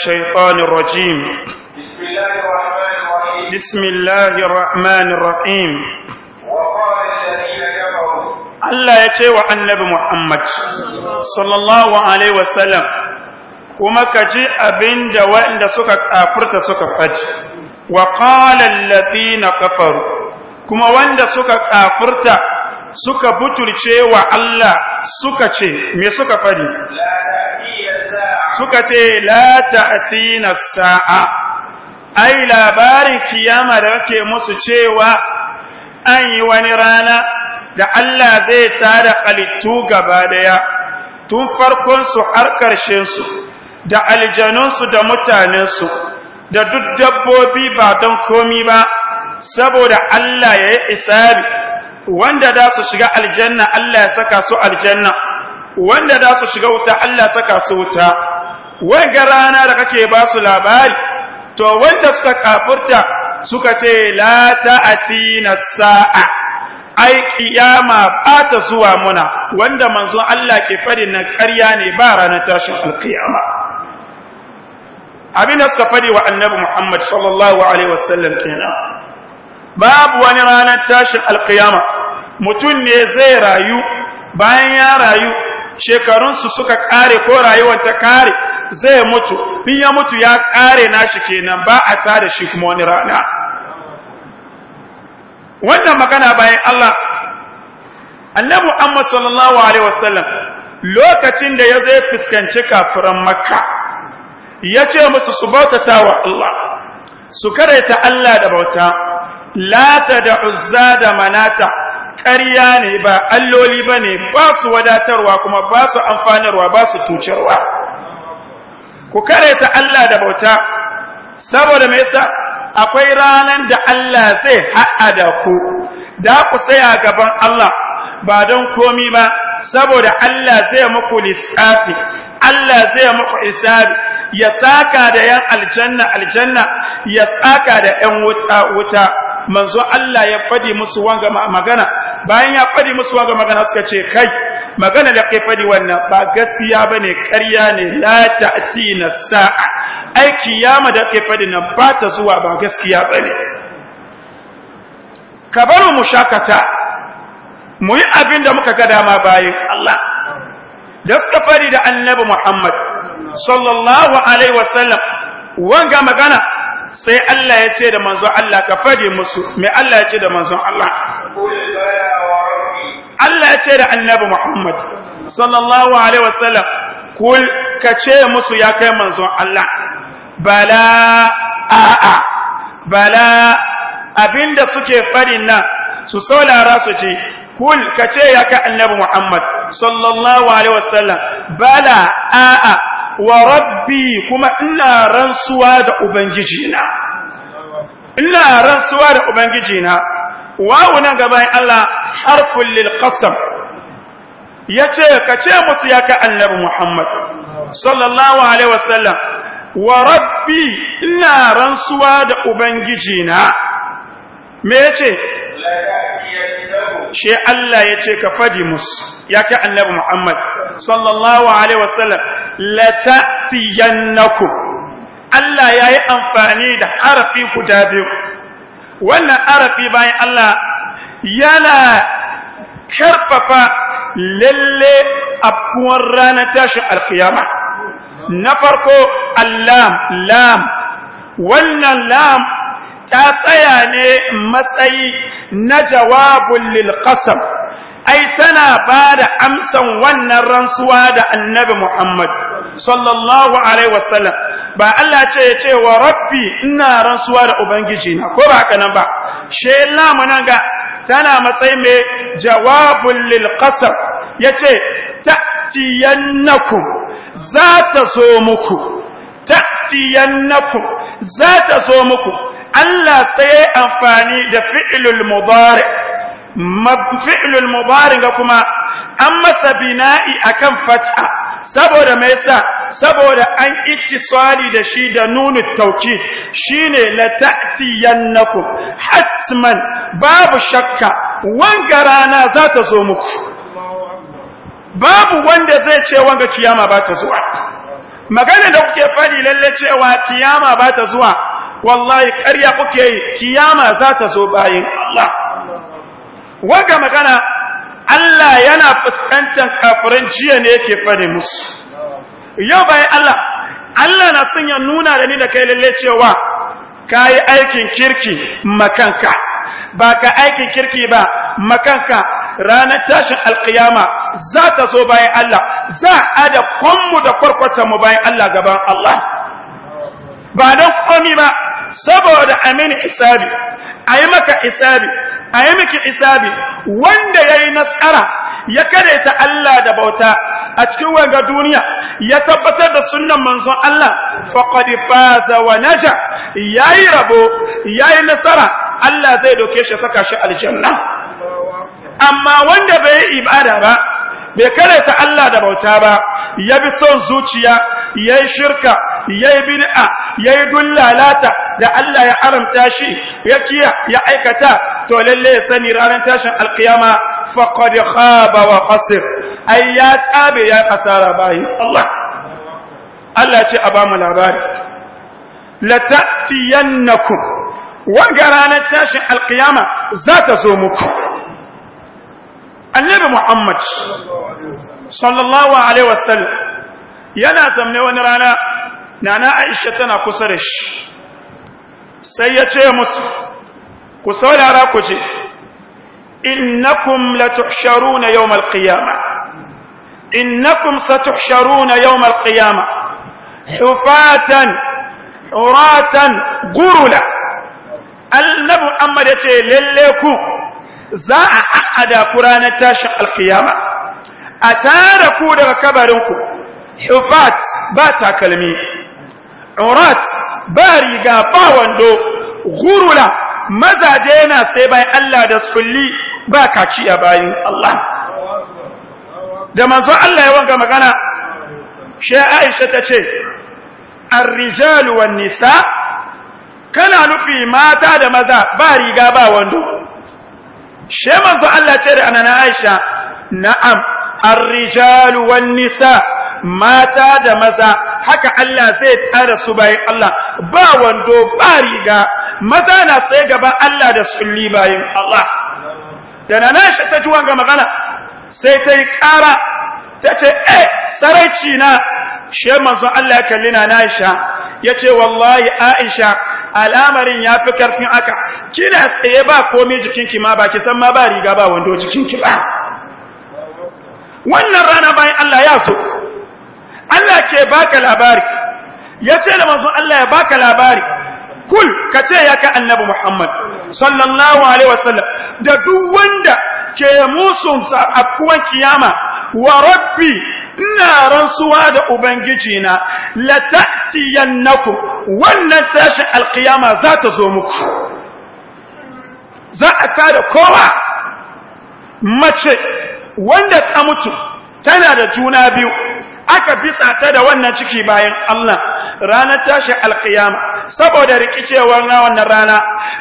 الشيطان الرجيم بسم الله الرحمن Allah ya ce wa annabi Muhammad sallallahu alaihi wasallam kuma ka ji abinda da waɗanda suka kafirta suka fadi, wa qala alladhina kafaru kuma wanda suka kafirta suka butulce Allah suka ce me suka fadi suka ce la ta'tina sa'a ai labarin kiyama da kake musu cewa an yi wani rana da Allah zai tada kalittu gaba daya tun farkon su har karshen su da aljanun su da mutanen su da duk dabbobi ba don komi ba saboda Allah ya yi isabi wanda da su shiga aljanna Allah ya saka su aljanna wanda da su shiga wuta Allah saka su wuta wanga rana da kake ba su labari to wanda suka kafurta suka ce la ta'atina sa'a ai kiyama ba ta zuwa muna wanda manzon Allah ke fadi nan ƙarya ne ba ranar tashin Abin da suka fadi wa annabi Muhammad sallallahu alaihi wasallam kenan babu wani ranar tashin alkiyama mutum ne zai rayu bayan ya rayu shekarunsu suka kare ko rayuwar ta kare zai mutu in ya mutu ya kare nashi kenan ba a tada shi kuma wani rana wannan magana bayan Allah annabi Muhammad sallallahu alaihi wasallam lokacin da ya zai fuskanci kafiran makka ya ce musu su bautata wa Allah su karaita Allah da bauta lata da uzza da manata ƙarya ne ba alloli ba ne ba su wadatarwa kuma ba su amfanarwa ba su tucarwa ku kareta Allah da bauta saboda me yasa akwai ranan da Allah zai haɗa ku da ku tsaya gaban Allah ba don komi ba saboda Allah zai muku lissafi Allah zai muku isabi ya saka da yan aljanna aljanna ya saka da yan wuta wuta manzo Allah ya fadi musu wanga magana bayan ya fadi musu wanga magana suka ce kai magana da kai fadi wannan ba gaskiya bane ƙarya ne la na sa'a ai kiyama da kai fadi nan ba ta zuwa ba gaskiya bane ka bar mu shakata mu yi abin da muka ga dama bayin Allah da suka fadi da annabi Muhammad sallallahu alaihi wasallam wanga magana sai Allah ya ce da manzon Allah ka fadi musu me Allah ya ce da manzon Allah Allah ya ce da annabi Muhammad sallallahu alaihi wasallam kul ka ce musu ya kai manzon Allah bala bala abinda suke farin nan su saurara su ji kul ka ce ya kai annabi Muhammad sallallahu alaihi wasallam bala a'a wa rabbi kuma ina rantsuwa da ubangijina ina rantsuwa da ubangijina wawu nan gaba Allah harfun lil qasam yace ka ce musu ya ka annabi Muhammad sallallahu alaihi wasallam wa rabbi ina rantsuwa da ubangiji na me yace shi Allah yace ka fadi musu ya ka annabi Muhammad sallallahu alaihi wasallam la ta'tiyannakum Allah yayi amfani da harafi guda ku. wannan arafi bayan Allah yana karfafa lalle afkuwar ranar tashin alkiyama na farko allam lam wannan lam ta tsaya ne matsayi na jawabun lil ai tana ba da amsan wannan rantsuwa da annabi Muhammad sallallahu alaihi wasallam ba Allah ce ya ce wa rabbi ina rantsuwa da ubangiji na ko ba haka nan ba she lamu nan ga tana matsayi mai jawabul lil qasab yace ta'tiyannakum za ta zo muku ta'tiyannakum za ta zo muku Allah sai amfani da fi'lul mudari fi'lul mudari ga kuma an masa bina'i akan fat'a saboda mai sa saboda an tsari da shi da nunu ne shine la naku. hatman babu shakka wanga rana za ta zo muku babu wanda zai ce wanga kiyama ba ta zuwa magana da kuke fadi lalle cewa kiyama ba ta zuwa wallahi karya kuke yi kiyama za ta zo bayin Allah wanga magana Allah yana fuskantar kafiran jiya ne yake fare musu yau bai Allah Allah na son ya nuna da ni da kai lalle cewa kai aikin kirki makanka ba ka aikin kirki ba makanka ranar tashin alkiyama za ta zo bayan Allah za a da kwanmu da kwarkwatanmu bayan Allah gaban Allah ba don komi ba saboda mini isabi a yi maka isabi a yi miki isabi wanda ya yi nasara ya kareta Allah da bauta a cikin wanga duniya ya tabbatar da sunan manzon Allah faqad faza wa naja yayi rabo yayi nasara Allah zai doke shi saka shi aljanna amma wanda bai ibada ba bai karanta Allah da bauta ba ya bi son zuciya yayi shirka yayi bid'a ya yi dullalata da Allah ya haramta shi ya kiya ya aikata to lalle ya sani ranar tashin alkiyama faqad khaba wa khasir ai ya tsabe ya ƙasara bayi Allah Allah ce a ba mu labari latatiyannakum wanga ranar tashin alkiyama za ta zo muku annabi Muhammad sallallahu alaihi wasallam yana zamne wani rana nana aisha tana kusa da shi sai ya ce musu ku saurara ku ce innakum latuhsharuna yawmal qiyamah innakum satuhsharuna yawmal qiyamah hufatan uratan gurula annabi amma da ce lalle ku za a haɗa ku ranar tashin alkiyama a tara ku daga kabarinku hufat ba takalmi urat ba riga ba wando gurula mazaje yana sai bayan Allah da sulli ba kaci a bayan Allah da manzo Allah ya wanga magana shi Aisha ta ce ar-rijalu wan nisa kana nufi mata da maza ba riga ba wando shi manzo Allah ce da anana Aisha na'am ar-rijalu wan nisa mata da maza haka Allah zai tara su bayan Allah ba wando ba riga maza na sai gaba Allah da sulli bayan Allah da na nashi ta ji wanga magana sai ta yi ƙara ta ce eh saraici na she manzo Allah ya kalli na Aisha ya ce wallahi Aisha al'amarin ya fi karfin aka kina tsaye ba komai jikinki ma ba ki san ma ba riga ba wando jikinki ba wannan rana bayan Allah ya so Allah ke baka labari ya ce da manzon Allah ya baka labari kul ka ce ya ka annabi Muhammad sallallahu alaihi wasallam da duk wanda ke musun kuwan kiyama wa rabbi ina rantsuwa da ubangiji na la ta'tiyannakum wannan tashin alkiyama za ta zo muku za a tada kowa mace wanda ta mutu tana da juna biyu aka bisa ta da wannan ciki bayan Allah ranar tashi alkiyama saboda rikicewar na wannan rana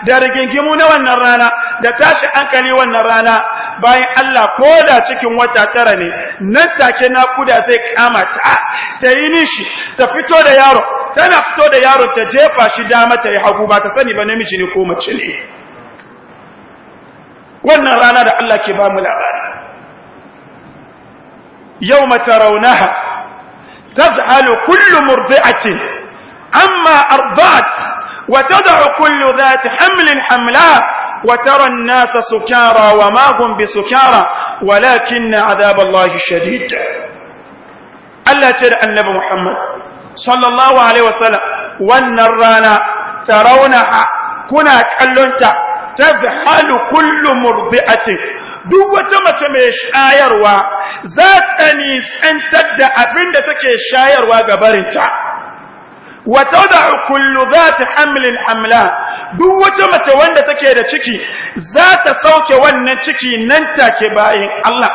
da rigingimu na wannan rana da tashi hankali wannan rana bayan Allah ko da cikin wata tara ne nan take nakuda zai kama ta ta yi nishi ta fito da yaro tana fito da yaro ta jefa shi dama ta yi hagu ba ta sani ba namiji ne ko mace ne wannan rana da Allah ke ba mu labari yau raunaha. تذهل كل مرضعة أما أرضات وتدع كل ذات حمل حملا وترى الناس سكارى وما هم بسكارى ولكن عذاب الله شديد ألا ترى النبي محمد صلى الله عليه وسلم ونرانا ترونها كنا كلنتا tazhalu kullu murdi'atin duk wata mace mai shayarwa za ta nisantar da abin da take shayarwa ga barinta wa tad'u kullu zati hamlin hamla duk wata mace wanda take da ciki za ta sauke wannan ciki nan take bayan Allah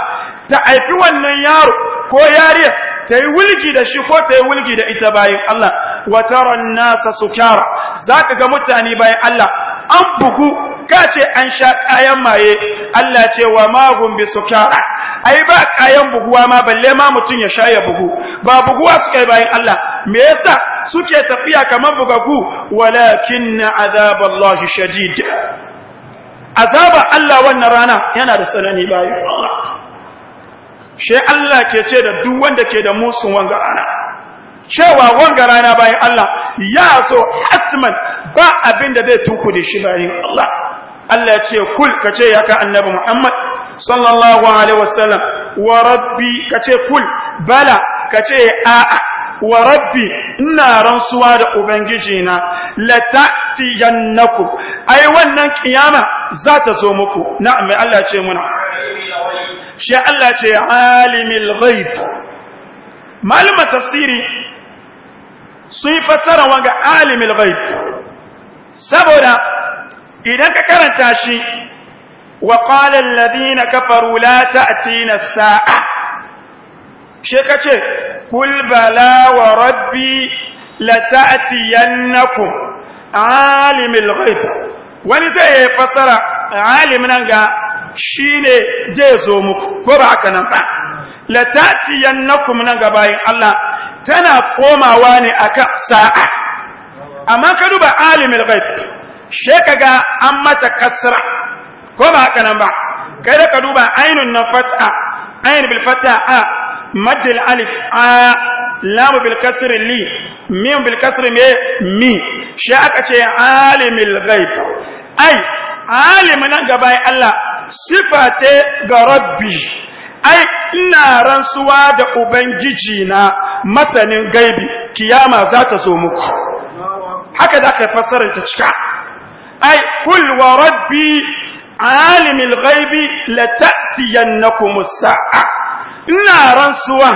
ta haifi wannan yaro ko yariya ta yi wulgi da shi ko ta yi wulgi da ita bayan Allah wataran nasa sukara za ka ga mutane bayan Allah an bugu ka ce an sha kayan maye Allah ce wa magun bi sukara ai ba kayan buguwa ma balle ma mutun ya sha ya bugu ba buguwa su kai bayan Allah me yasa suke tafiya kamar bugagu walakin azaballahi shadid azaba Allah wannan rana yana da tsanani bayan Allah she Allah ke ce da duk wanda ke da musun wanga rana cewa wanga rana bayan Allah ya so hatman ba abin da zai tunkude shi bayan Allah Allah ya ce kul ka ce haka annabi Muhammad sallallahu alaihi wasallam wa rabbi ka ce kul bala ka ce a'a wa rabbi ina rantsuwa da ubangiji na la ta'tiyannakum ai wannan kiyama za ta zo muku na'am Allah ya ce muna shi Allah ya ce alimul ghaib malamin tafsiri sun fassara wanga alimul ghaib saboda idan ka karanta shi wa qala alladhina kafaru la ta'tina sa'a she kace kul bala wa rabbi la ta'tiyannakum alimul ghaib wani zai fasara alim nan ga shi ne zai zo muku ko ba haka nan ba la ta'tiyannakum nan ga bayan Allah tana komawa ne a ka sa'a amma ka duba alimul ghaib she kaga an mata kasra ko ba haka nan ba kai da ka duba ainun na fat'a ainun bil fat'a a mad al alif a lam bil kasr li mim bil kasr me mi shi aka ce alimul ghaib ai alimin gaba Allah sifate ga rabbi ai ina rantsuwa da ubangiji na masanin gaibi kiyama za ta zo muku haka da aka fassarar ta cika ai kul wa rabbi alimil ghaibi latatiyannakum sa'a ina ransuwa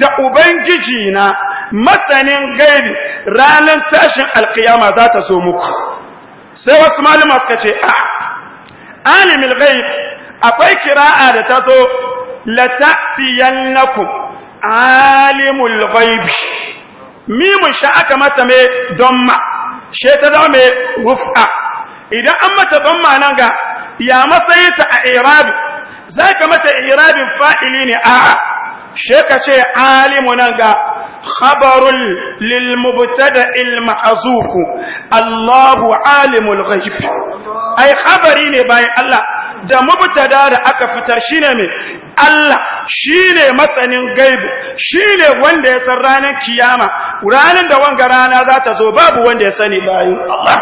da ubangiji na masanin gaibi ranar tashin alkiyama za ta zo muku sai wasu malama suka ce a alimil gaibi akwai kira'a da ta zo latatiyannakum alimul gaibi mimun sha aka mata mai don ma she ta zama mai rufa idan an mata zamma nan ga ya matsayinta a irabi za ka mata irabin fa'ili ne a'a sheka ce alimu nan ga khabarul lilmubtada ilma'azufu allahu alimul ghaib ai khabari ne bayan allah da mubtada da aka fita shine ne? Allah ne masanin gaibu ne wanda ya san ranar kiyama ranar da wanga rana za ta zo babu wanda ya sani bayan Allah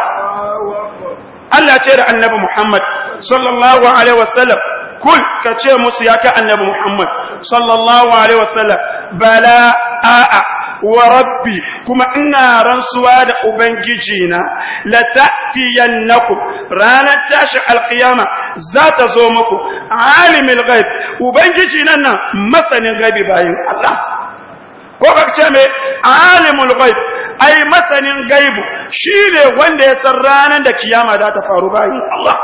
Allah ce da annabi Muhammad sallallahu alaihi wasallam kul ka ce musu ya ka annabi Muhammad sallallahu alaihi wasallam bala a'a wa rabbi kuma ina rantsuwa da ubangiji na la ta'tiyannakum ranar tashi alqiyama za ta zo muku alimul ghaib ubangiji nan nan masanin gaibi bayin Allah ko ka ce me alimul ghaib ai masanin gaibu shine wanda ya san ranar da kiyama za ta faru bayan Allah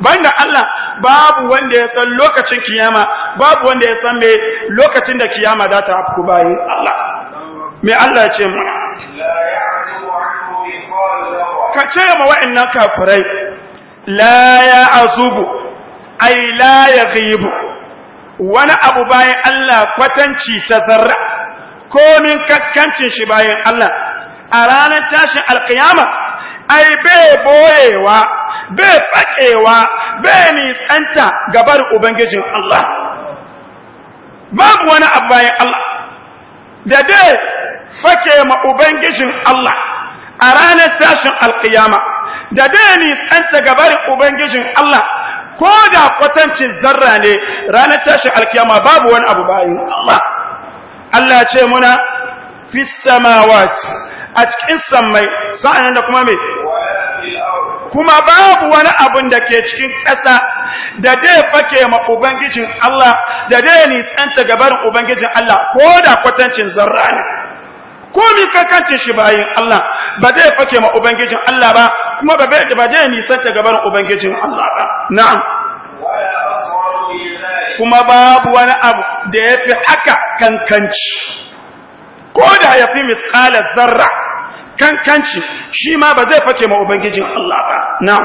banda Allah babu wanda ya san lokacin kiyama babu wanda ya san me lokacin da kiyama za ta afku bayan Allah me Allah ya ce mu ka ce ma wa'annan kafirai la ya azubu ai la ya ghibu wani abu bayan Allah kwatanci ta zarra komin kakkancin shi bayan Allah a ranar tashin alkiyama ai bai boyewa bai fakewa bai nisanta gabar ubangijin Allah babu wani bayan Allah da dai fake ma ubangijin Allah a ranar tashin alkiyama da dai nisanta gabar ubangijin Allah ko da kwatancin zarra ne ranar tashin alkiyama babu wani abu bayan Allah Allah ce muna fi samawati a cikin sammai sa'an da kuma me kuma babu wani abun da ke cikin ƙasa da dai fake ma ubangijin Allah da dai nisanta gabarin ubangijin Allah ko da kwatancin zarra ne ko mi kakancin shi bayin Allah ba zai fake ma ubangijin Allah ba kuma ba zai nisanta gabarin ubangijin Allah ba na'am kuma babu wani abu da ya fi haka kankanci ko da ya fi miskalar zarra kankanci shi ma ba zai fake ma ubangijin Allah ba na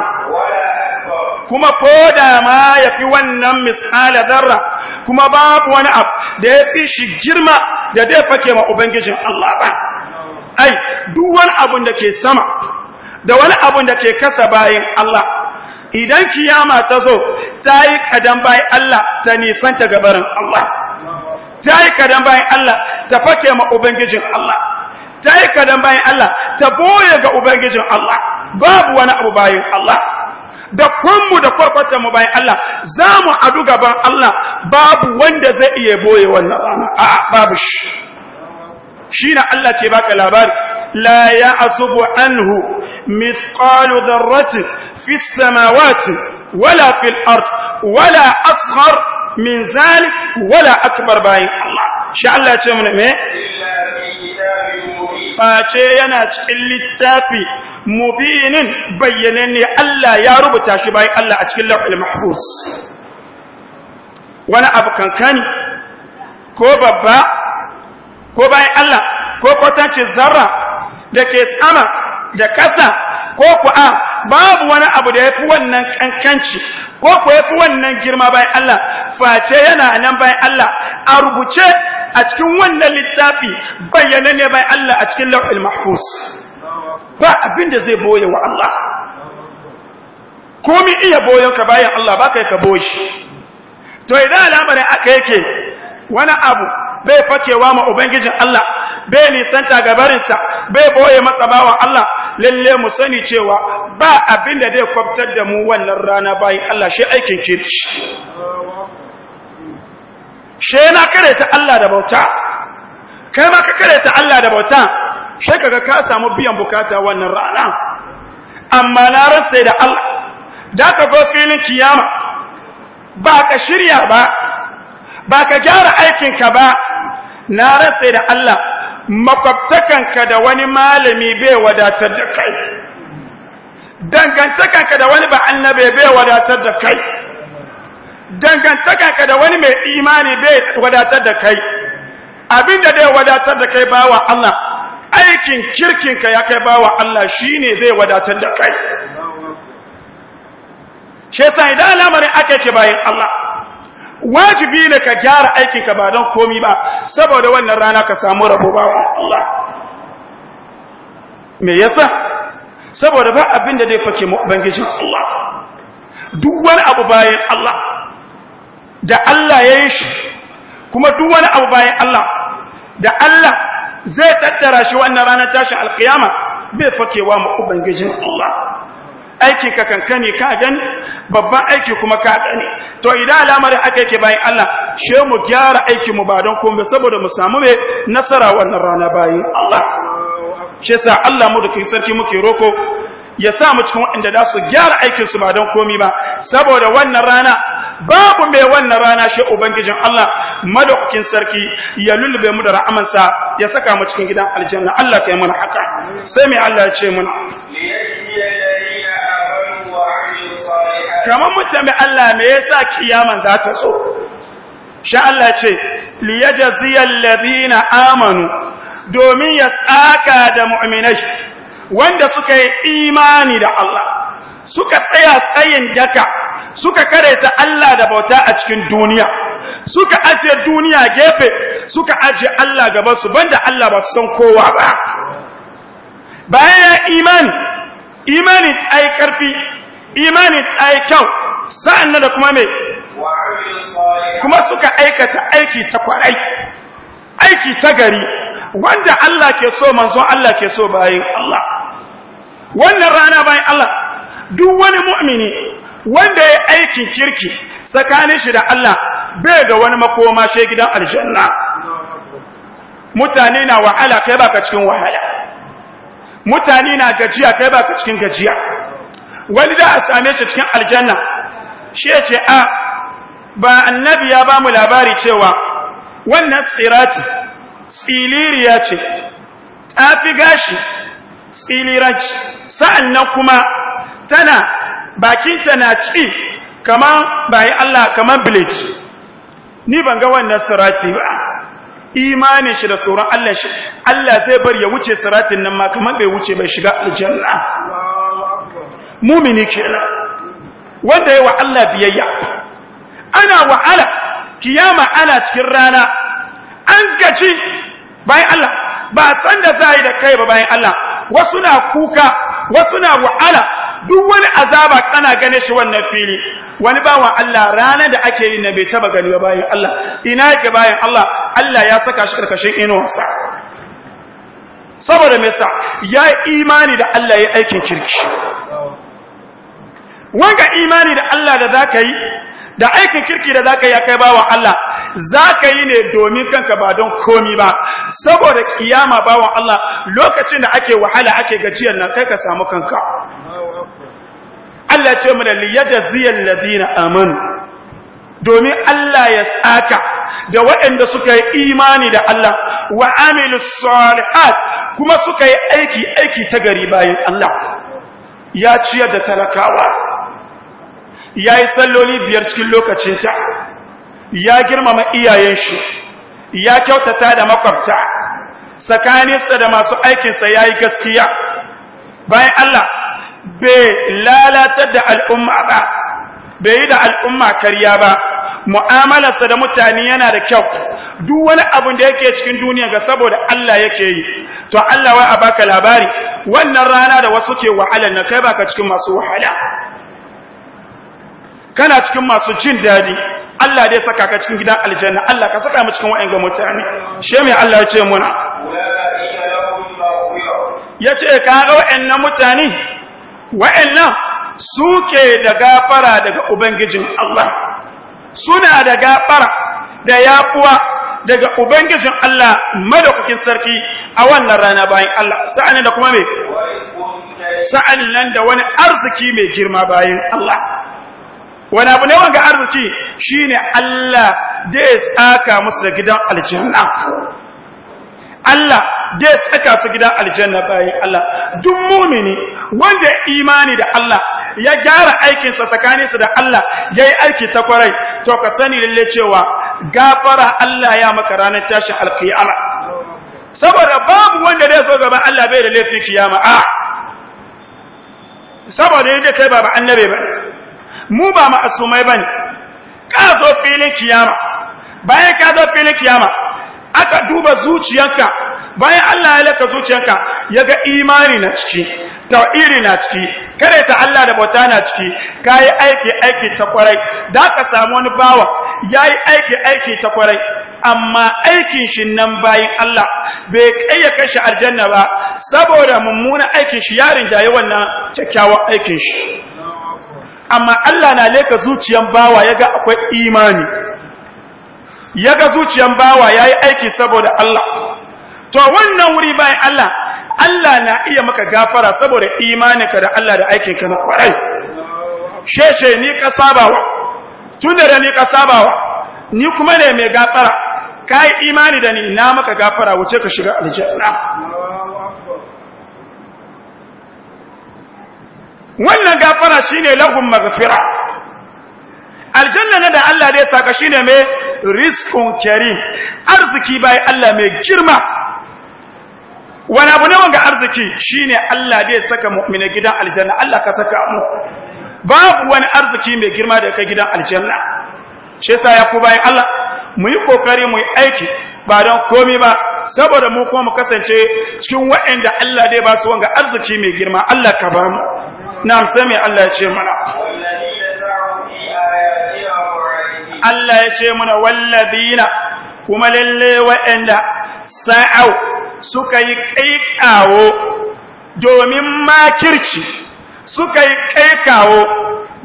kuma ko da ma ya fi wannan miskalar zarra kuma babu wani abu da ya fi shi girma da zai fake ma ubangijin Allah ba ai duk wani da ke sama da wani abun da ke kasa bayan Allah idan kiyama ta zo ta yi kadan bayan Allah ta nisanta gabarin Allah ta yi kadan bayan Allah ta fake ma ubangijin Allah ta yi kadan bayan Allah ta boye ga ubangijin Allah babu wani abu bayan Allah da kunmu da kwarkwata mu bayan Allah za mu adu gaban Allah babu wanda zai iya boye wannan rana babu shi Shi na Allah ke baka labari la asubu anhu mithqalu dharratin fi samawati wala fil ard wala asghar min zalik wala akbar bayin Allah shi Allah ce mana me face yana cikin littafi mubinin ne, Allah ya rubuta shi bayan Allah a cikin lafil mahfuz wani abu kankani ko babba ko bayan Allah ko kwatancin zarra da ke tsama da ƙasa ko ku'a babu wani abu da ya fi wannan ƙanƙanci ko ku ya fi wannan girma bayan Allah face yana nan bayan Allah a rubuce a cikin wannan littafi bayyana ne bayan Allah a cikin lau'il mahfus ba abin da zai boye wa Allah komi iya ka bayan Allah ba kai ka boye to idan al'amarin aka yake wani abu bai fakewa ma ubangijin Allah bai nisanta gabarinsa bai boye masa bawa Allah lalle mu sani cewa ba abin da zai kwabtar da mu wannan rana bayan Allah shi aikin kirci she na kareta Allah da bauta kai ma ka kareta Allah da bauta she kaga ka samu biyan bukata wannan rana amma na ransa da Allah da ka zo filin kiyama ba ka shirya ba ba ka gyara aikinka ba na rasa da Allah makwabtakanka da wani malami bai wadatar da kai dangantakanka da wani ba annabe bai wadatar da kai dangantakanka da wani mai imani bai wadatar da kai abinda dai wadatar da kai bawa Allah aikin kirkinka ya kai bawa Allah shine zai wadatar da kai shesa idan al'amarin ake ke bayan Allah wajibi ne ka gyara aikinka ba don komi ba saboda wannan rana ka samu rabo ba wa Allah me yasa saboda ba abin da zai fake ubangijin Allah duk wani abu bayan Allah da Allah ya yi shi kuma duk wani abu bayan Allah da Allah zai tattara shi wannan ranar tashin alkiyama bai fakewa ma ubangijin Allah aikin ka kankani ka gani babban aiki kuma ka gani to idan al'amarin aka yake bayan Allah she mu gyara aikin mu ba don komai saboda mu samu me nasara wannan rana bayan Allah she sa Allah mu da kai sarki muke roko ya sa mu cikin waɗanda za su gyara aikin su ba don komi ba saboda wannan rana babu mai wannan rana she ubangijin Allah madaukakin sarki ya lulube mu da ra'amansa ya saka mu cikin gidan aljanna Allah ka yi mana haka sai mai Allah ya ce mana kamar mutum Allah me yasa kiyaman za ta so sha Allah ce liyajziyal ladina amanu domin ya tsaka da mu'minai wanda suka yi imani da Allah suka tsaya tsayin daka suka kareta Allah da bauta a cikin duniya suka ajiye duniya gefe suka ajiye Allah gaba su banda Allah ba su san kowa ba bayan imani imani yi karfi imani ta kyau sa'an da kuma mai kuma suka aikata aiki ta kwarai aiki ta gari wanda Allah ke so manzo Allah ke so bayan Allah wannan rana bayan Allah duk wani mu'mini wanda ya aikin kirki tsakanin shi da Allah bai ga wani makoma shi gidan aljanna mutane na wahala kai baka cikin wahala mutane na gajiya kai baka cikin gajiya wani da a same ta cikin aljanna shi ya ce a ba annabi ya ba mu labari cewa wannan tsirati tsiliriya ce ta fi gashi tsiliranci sa'an nan kuma tana bakinta na ci kamar bayi Allah kamar bilici ni ban ga wannan tsirati ba imanin shi da tsoron Allah shi Allah zai bar ya wuce tsiratin nan ma kamar bai wuce bai shiga aljanna mumini kenan wanda yawa Allah biyayya ana wa'ala kiyama ana cikin rana an gaci bayan Allah ba san da zai da kai ba bayan Allah wasu na kuka wasu na wa'ala duk wani azaba kana gane shi wannan fili wani wa Allah ranar da ake yi na bai taba gani ba bayan Allah ina yake bayan Allah Allah ya saka shi karkashin inuwarsa saboda me sa ya imani da Allah ya aikin kirki wanga imani da Allah da zaka yi da aikin kirki da zaka yi kai bawa Allah zaka yi ne domin kanka ba don komi ba saboda kiyama bawan Allah lokacin da ake wahala ake gajiyar nan kai ka samu kanka Allah ce mu da liyajziyal ladina amanu domin Allah ya tsaka da waɗanda suka yi imani da Allah wa amilu salihat kuma suka yi aiki aiki ta gari bayan Allah ya ciyar da talakawa ya yi salloli biyar cikin lokacinta ya girmama iyayen shi ya kyautata da makwabta tsakaninsa da masu aikinsa ya yi gaskiya bayan Allah bai lalatar da al'umma ba bai yi da al'umma karya ba mu'amalarsa da mutane yana da kyau duk wani abin da yake cikin duniya ga saboda Allah yake yi to Allah wai a baka labari wannan rana da wasu ke wahala na kai baka cikin masu wahala kana cikin masu jin dadi Allah da ya saka ka cikin gidan aljanna Allah ka saka mu cikin wa'annan mutane she mai Allah ya ce muna ce ka ga wa'annan mutane wa'annan suke da gafara daga ubangijin Allah suna da gafara da yafuwa daga ubangijin Allah madaukakin sarki a wannan rana bayan Allah sa'an da kuma me sa'an nan da wani arziki mai girma bayan Allah wani abu ne wanga arziki Shi ne Allah dai tsaka musu da gidan aljanna Allah dai tsaka su gidan aljanna bayan Allah duk mumini wanda imani da Allah ya gyara aikinsa tsakaninsa da Allah ya yi aiki ta kwarai to ka sani lalle cewa gafara Allah ya maka ranar tashin alkiyama saboda babu wanda zai zo gaban Allah bai da laifin kiyama a ah! saboda yadda kai ba ba annabi ba mu ba ma'asumai ba ne ka zo filin kiyama bayan ka zo filin kiyama aka duba zuciyanka bayan Allah ya laka zuciyanka ya ga imani na ciki tawiri na ciki kare ta Allah da bauta na ciki ka yi aiki aiki ta kwarai da ka samu wani bawa ya yi aiki aiki ta kwarai amma aikin shi nan bayin Allah bai kayyaka shi aljanna ba saboda mummunan aikin shi ya jayi wannan kyakkyawan aikin shi amma Allah na leka zuciyan bawa yaga akwai imani ya ga zuciyan bawa yayi aiki saboda Allah to wannan wuri bayan Allah Allah na iya maka gafara saboda imaninka da Allah da aikinka na kwarai sheshe ni ka sabawa tunda da ni ka sabawa ni kuma ne mai gafara kai imani da ni na maka gafara wuce ka shiga aljanna wannan gafara shine lahum maghfira aljanna da Allah da saka shine mai rizqun karim arziki bai Allah mai girma wani abu ne wanga arziki shine Allah da ya saka mu'mina gidan aljanna Allah ka saka mu babu wani arziki mai girma da kai gidan aljanna shi yasa ya ku bayan Allah mu yi kokari mu yi aiki ba don komi ba saboda mu kuma mu kasance cikin waɗanda Allah dai ba su wanga arziki mai girma Allah ka ba mu Na sami Allah ya ce mana Allah ya ce mana walladina kuma lalle wa'anda sa'au suka yi kaikawo domin makirci suka yi kaikawo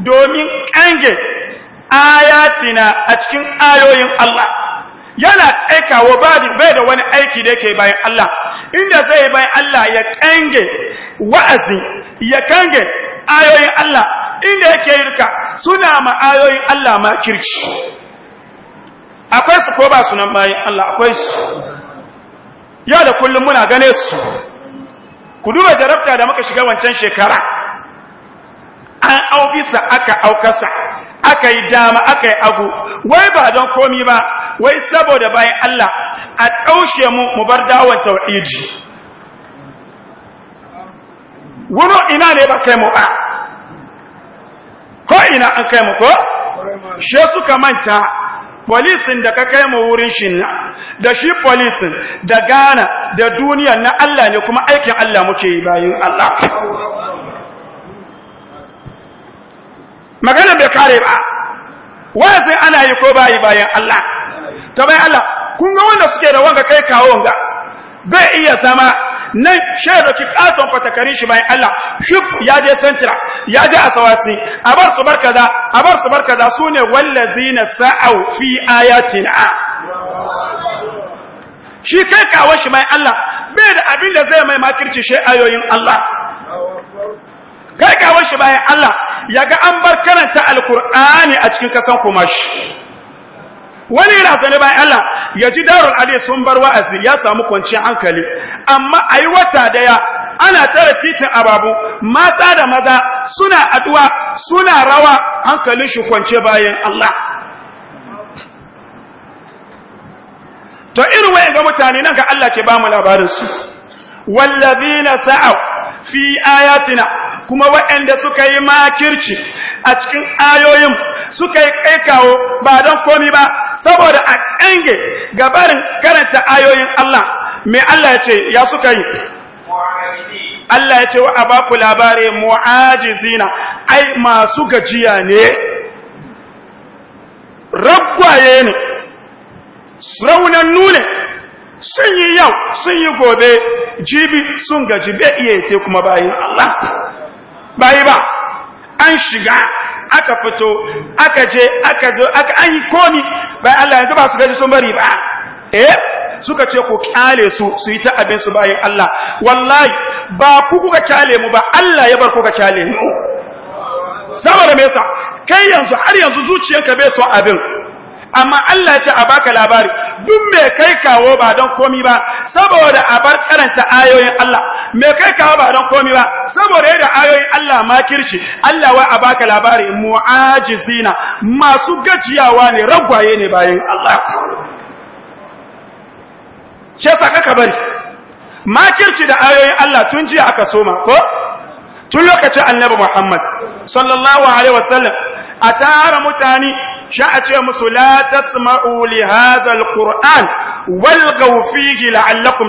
domin kange ayatina a cikin ayoyin Allah yana aikawo bai da wani aiki da yake bayan Allah inda zai bayan Allah ya kange wa'azi ya kange ayoyin Allah inda yake yirka suna ma ayoyin Allah ma kirki akwai su ko ba sunan bayan Allah akwai su yau da kullum muna gane su ku duba jarabta da muka shiga wancan shekara an aubisa aka aukasa aka yi dama aka yi agu wai ba don komi ba wai saboda bayan Allah a ɗaushe mu mu bar dawon tauhidi Wuno ina ne ba kai mu ko ina an kai mu ko she suka manta polisin da ka kai mu wurin shi na da shi polisin da gana da duniya na Allah ne kuma aikin Allah muke yi bayan Allah magana bai kare ba Waye sai ana yi ko bayi bayan Allah ta bai Allah kun ga wanda suke da wanga kai kawo wanga bai iya sama. nan shi ya dauki katon shi bayan Allah shi ya je santira ya je asawasi a bar su barka da a bar su barka da su wallazina sa'au fi ayatina shi kai kawo shi bayan Allah bai da abin da zai mai makirci shi ayoyin Allah kai kawo shi bayan Allah ya ga an bar karanta alkur'ani a cikin kasan kumashi wani yana sani bayan Allah ya ji darul ade sun bar wa'azi ya samu kwanciyar hankali amma ayi wata daya ana tara titin ababu mata da maza suna aduwa suna rawa hankalin shi kwance bayan Allah to irin wayan ga mutane nan ga Allah ke ba mu labarin su wallazina sa'aw fi ayatina kuma waɗanda suka yi makirci a cikin ayoyin suka yi kaikawo ba don komi ba saboda a kange gabarin karanta ayoyin Allah mai Allah ya ce ya suka yi Allah ya ce wa a baku labari mu'ajizina ai masu gajiya ne Ragwaye ne raunannu nune sun yi yau sun yi gobe jibi sun gaji bai iya ce kuma bayi Allah bayi ba an shiga aka fito aka je aka zo aka an yi koni bai Allah yanzu ba su gaji sun bari ba eh suka ce ku kyale su su yi ta abinsu su bayan Allah wallahi ba ku kuka kyale mu ba Allah ya bar kuka kyale mu saboda me yasa kai yanzu har yanzu zuciyarka bai so abin amma Allah ce a baka labari duk mai kai kawo ba don komi ba saboda a bar karanta ayoyin Allah mai kai kawo ba don komi ba saboda yadda ayoyin Allah makirci Allah wa a baka labari mu'ajizina masu gajiyawa ne ragwaye ne bayan Allah shi saka ka bari makirci da ayoyin Allah tun jiya aka soma ko tun lokacin annabi Muhammad sallallahu alaihi wasallam a tara mutane sha a ce musu la tasma'u li hadha alquran walgaw fihi la'allakum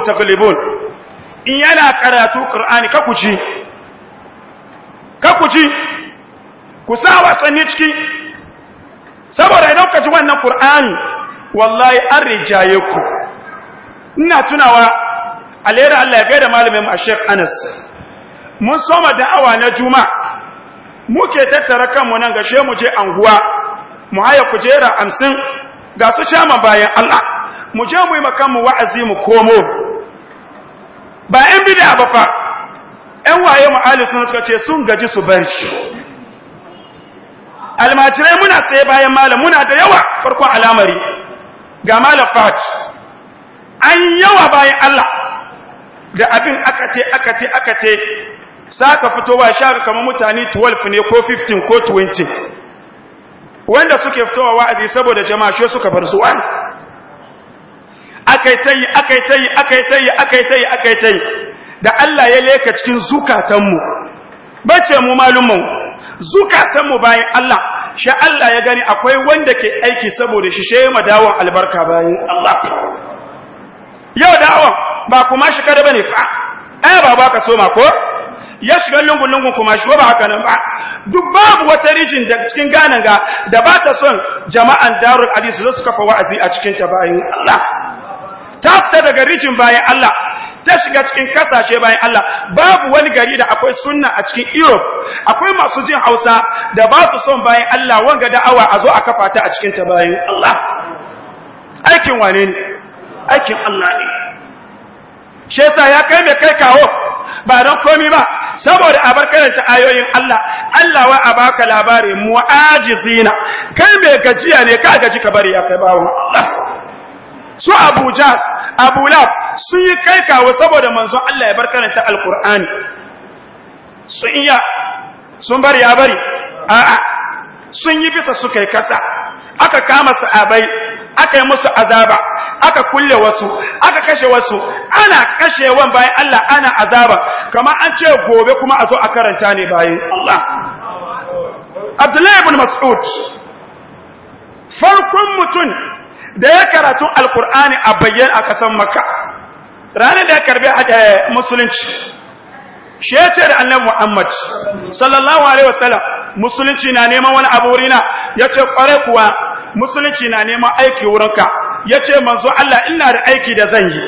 in yana karatu qur'ani ka ku ka ku sa wasanni ciki saboda idan ka ji wannan qur'ani wallahi an rijaye ku ina tunawa alera Allah ya gaida malamin a Sheikh Anas mun soma awa na juma'a muke tattara kanmu nan gashe mu je anguwa mu haya kujera hamsin ga su shama bayan Allah mu je mu yi mu wa'azi mu komo ba ‘yan bida ba fa ‘yan waye ma'ali sun suka ce sun gaji su bar shi almajirai muna sai bayan malam muna da yawa farkon alamari ga malam fat an yawa bayan Allah da abin aka te aka te aka te sa fitowa sha kamar mutane 12 ne ko 15 ko 20 wanda suke fitowa wa'azi saboda jama'a shi suka bar su'an akai tai akai tai akai tai akai tai akai tai da Allah ya leka cikin zukatan mu bace mu malumman zukatanmu bayan Allah shi Allah ya gani akwai wanda ke aiki saboda shi dawan albarka bayan Allah yau da'awan ba kuma shi kada bane fa ai ba ba ka soma ko ya shiga lungun-lungun kuma shi ba haka nan ba duk babu wata rijin da cikin ganin ga da ba ta son jama'an darul hadisi su kafa wa'azi a cikin ta bayan Allah ta fita daga rijin bayan Allah ta shiga cikin kasashe bayan Allah babu wani gari da akwai sunna a cikin Europe akwai masu jin Hausa da ba su son bayan Allah wanga da'awa a zo a kafa ta a cikin ta bayan Allah aikin wane ne aikin Allah ne shi yasa ya kai mai kai kawo ba don komi ba saboda a bar karanta ayoyin Allah Allah wa a baka labarin mu'ajizina kai mai gajiya ne ka gaji ka bari akai bawo Allah su Abuja Abulab sun yi kai kawo saboda manzo Allah ya bar karanta alkur'ani Su iya sun bari ya bari a'a sun yi bisa su kai kasa aka kama sahabai aka yi musu azaba aka kulle wasu aka kashe wasu ana kashewan bayan Allah ana azaba kamar an ce gobe kuma a zo a karanta ne bayan Allah Abdullahi ibn Mas'ud farkon mutum da ya karatu alkur'ani a bayyana a kasan Makka ranar da ya karbi eh, musulunci shi ya da annabi Muhammad sallallahu alaihi wasallam musulunci na neman wani abu wurina ya ce kware kuwa musulunci na neman aiki wurinka ya ce manzo Allah ina da aiki da zan yi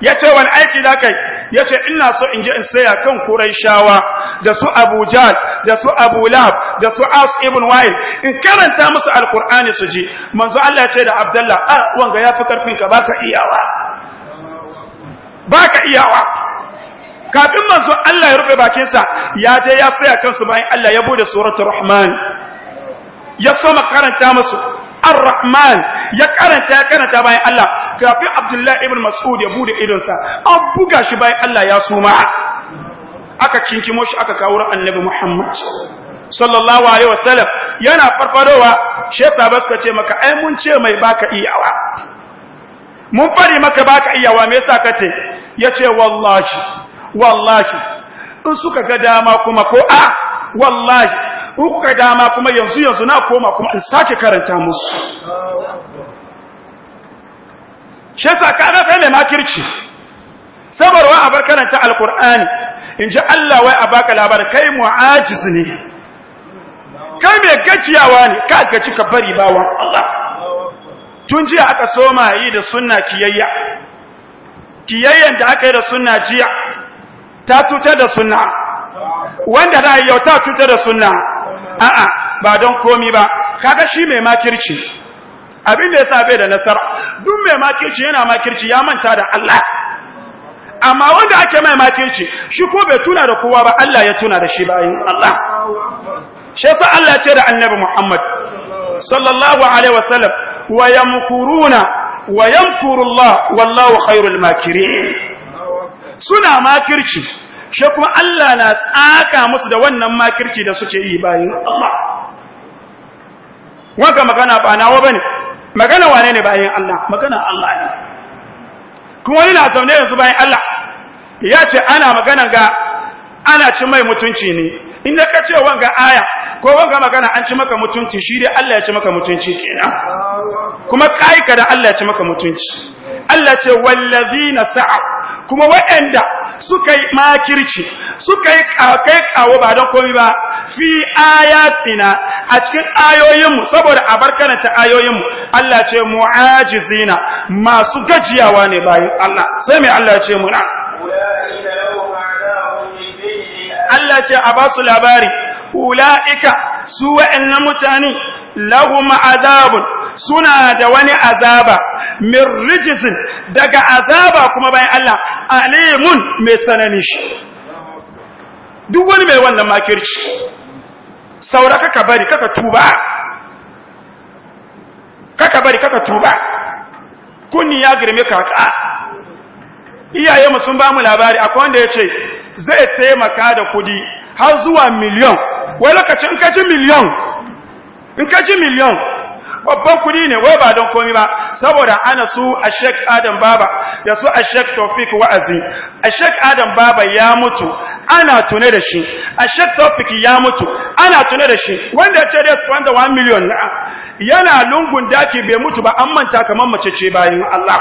ya ce wani aiki za ka yi ya ce ina so in je in saya kan kuraishawa da su abu jal da su abu lab da su as ibn wa'il in karanta musu alkur'ani su ji manzo Allah ce da abdallah a ah, wanga ya fi karfin ka baka iyawa baka iyawa kafin manzo Allah ya rufe bakinsa ya je ya saya kansu bayan Allah ya bude suratul rahman ya soma karanta masu ar-rahman ya karanta ya karanta bayan Allah kafin abdullahi ibn mas'ud ya bude idonsa an buga shi bayan Allah ya suma aka kinkimo shi aka kawo ran annabi muhammad sallallahu alaihi wasallam yana farfadowa shi ba suka ce maka ai mun ce mai baka iyawa mun fari maka baka iyawa me yasa kace yace wallahi wallahi in suka ga dama kuma ko a ah, wallahi uka dama kuma yanzu yanzu na koma kuma in sake karanta musu shi yasa ga sai mai makirci sabar a bar karanta alqur'ani in ji Allah wai a baka labarin kai mu'ajiz ne kai mai gajiyawa ne ka gaci ka bari bawan Allah tun jiya aka soma yi da sunna kiyayya kiyayyan da aka yi da sunna jiya ta cutar da sunna wanda da yau ta cutar da sunna a'a ba don komi ba kaga shi mai makirci abin da yasa bai da nasara duk mai makirci yana makirci ya manta da Allah amma wanda ake mai makirci shi ko bai tuna da kowa ba Allah ya tuna da shi bayan Allah shi yasa Allah ce da Annabi Muhammad sallallahu alaihi wasallam wa yamkuruna wa yamkurullah wallahu khairul makirin suna makirci shi kuma Allah na tsaka musu da wannan makirci da suke yi bayan Allah wanka magana ba nawa bane magana wane ne bayan Allah magana Allah ne kuma wani na zaune yanzu bayan Allah ya ce ana magana ga ana ci mai mutunci ne in ka ce wanga aya ko wanga magana an ci maka mutunci shi dai Allah ya ci maka mutunci kenan kuma kai ka da Allah ya ci maka mutunci Allah ce wallazina sa'a kuma waɗanda suka yi makirci suka yi kai kawo ba don komi ba fi ayatina a cikin ayoyinmu saboda a bar ayoyinmu Allah ce mu'ajizina masu gajiyawa ne bayan Allah sai mai Allah ce muna Allah ce a ba labari ula'ika su wa'annan mutane lahum azabun suna da wani azaba min rijisin, daga azaba kuma bayan Allah alimun mai tsanani. shi duk wani mai wannan makirci saura kaka bari kaka tuba kaka bari kaka tuba kunni ya girme kaka mu sun ba mu labari akwai wanda ya ce zai taimaka da kudi har zuwa miliyon wai lokacin kaji miliyon in kaji miliyon babban kudi ne wai ba don komi ba saboda ana su a shek adam baba da su a shek tofik wa'azi a shek adam baba ya mutu ana tune da shi a shek tofik ya mutu ana tune da shi wanda ya ce dai su wanda 1 miliyon na yana lungun daki bai mutu ba an manta kamar mace ce bayan allah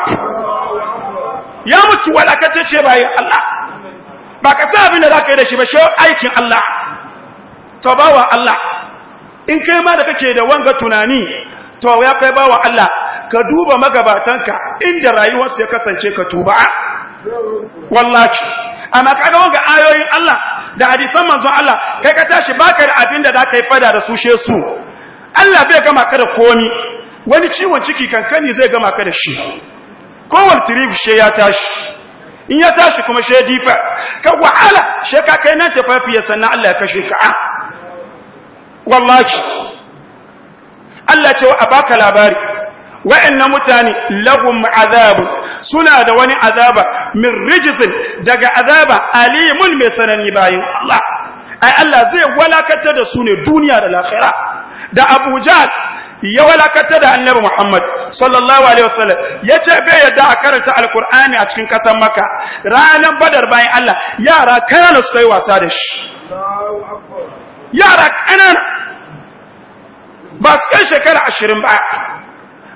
ya mutu walakacce ce bayan allah ba ka sa abin da za ka yi da shi ba shi aikin allah bawa allah in kai ma da kake da wanga tunani to ya kai bawa Allah ka duba magabatan ka inda rayuwarsu ya kasance ka tuba wallahi amma kaga wanga ayoyin Allah da hadisan manzon Allah kai ka tashi baka da abinda da kai fada da su su Allah bai gama ka da komi wani ciwon ciki kankani zai gama ka da shi kowane tiribu she ya tashi in ya tashi kuma she difa ka wahala she ka kai nan tafafiya sannan Allah ya kashe ka ah. wallahi Allah ce wa a baka labari wa'annan mutane lahum azabun suna da wani azaba min rijizin daga azaba alimun mai sanani bayan Allah ai Allah zai walakata da su ne duniya da lafira. da Abuja ya walakata da Annabi Muhammad sallallahu alaihi wasallam ce bai yadda a karanta alkur'ani a cikin kasan Makka Ranar Badar bayan Allah yara kana su kai wasa da shi Allahu akbar yara ƙanana ba su kai shekara ashirin ba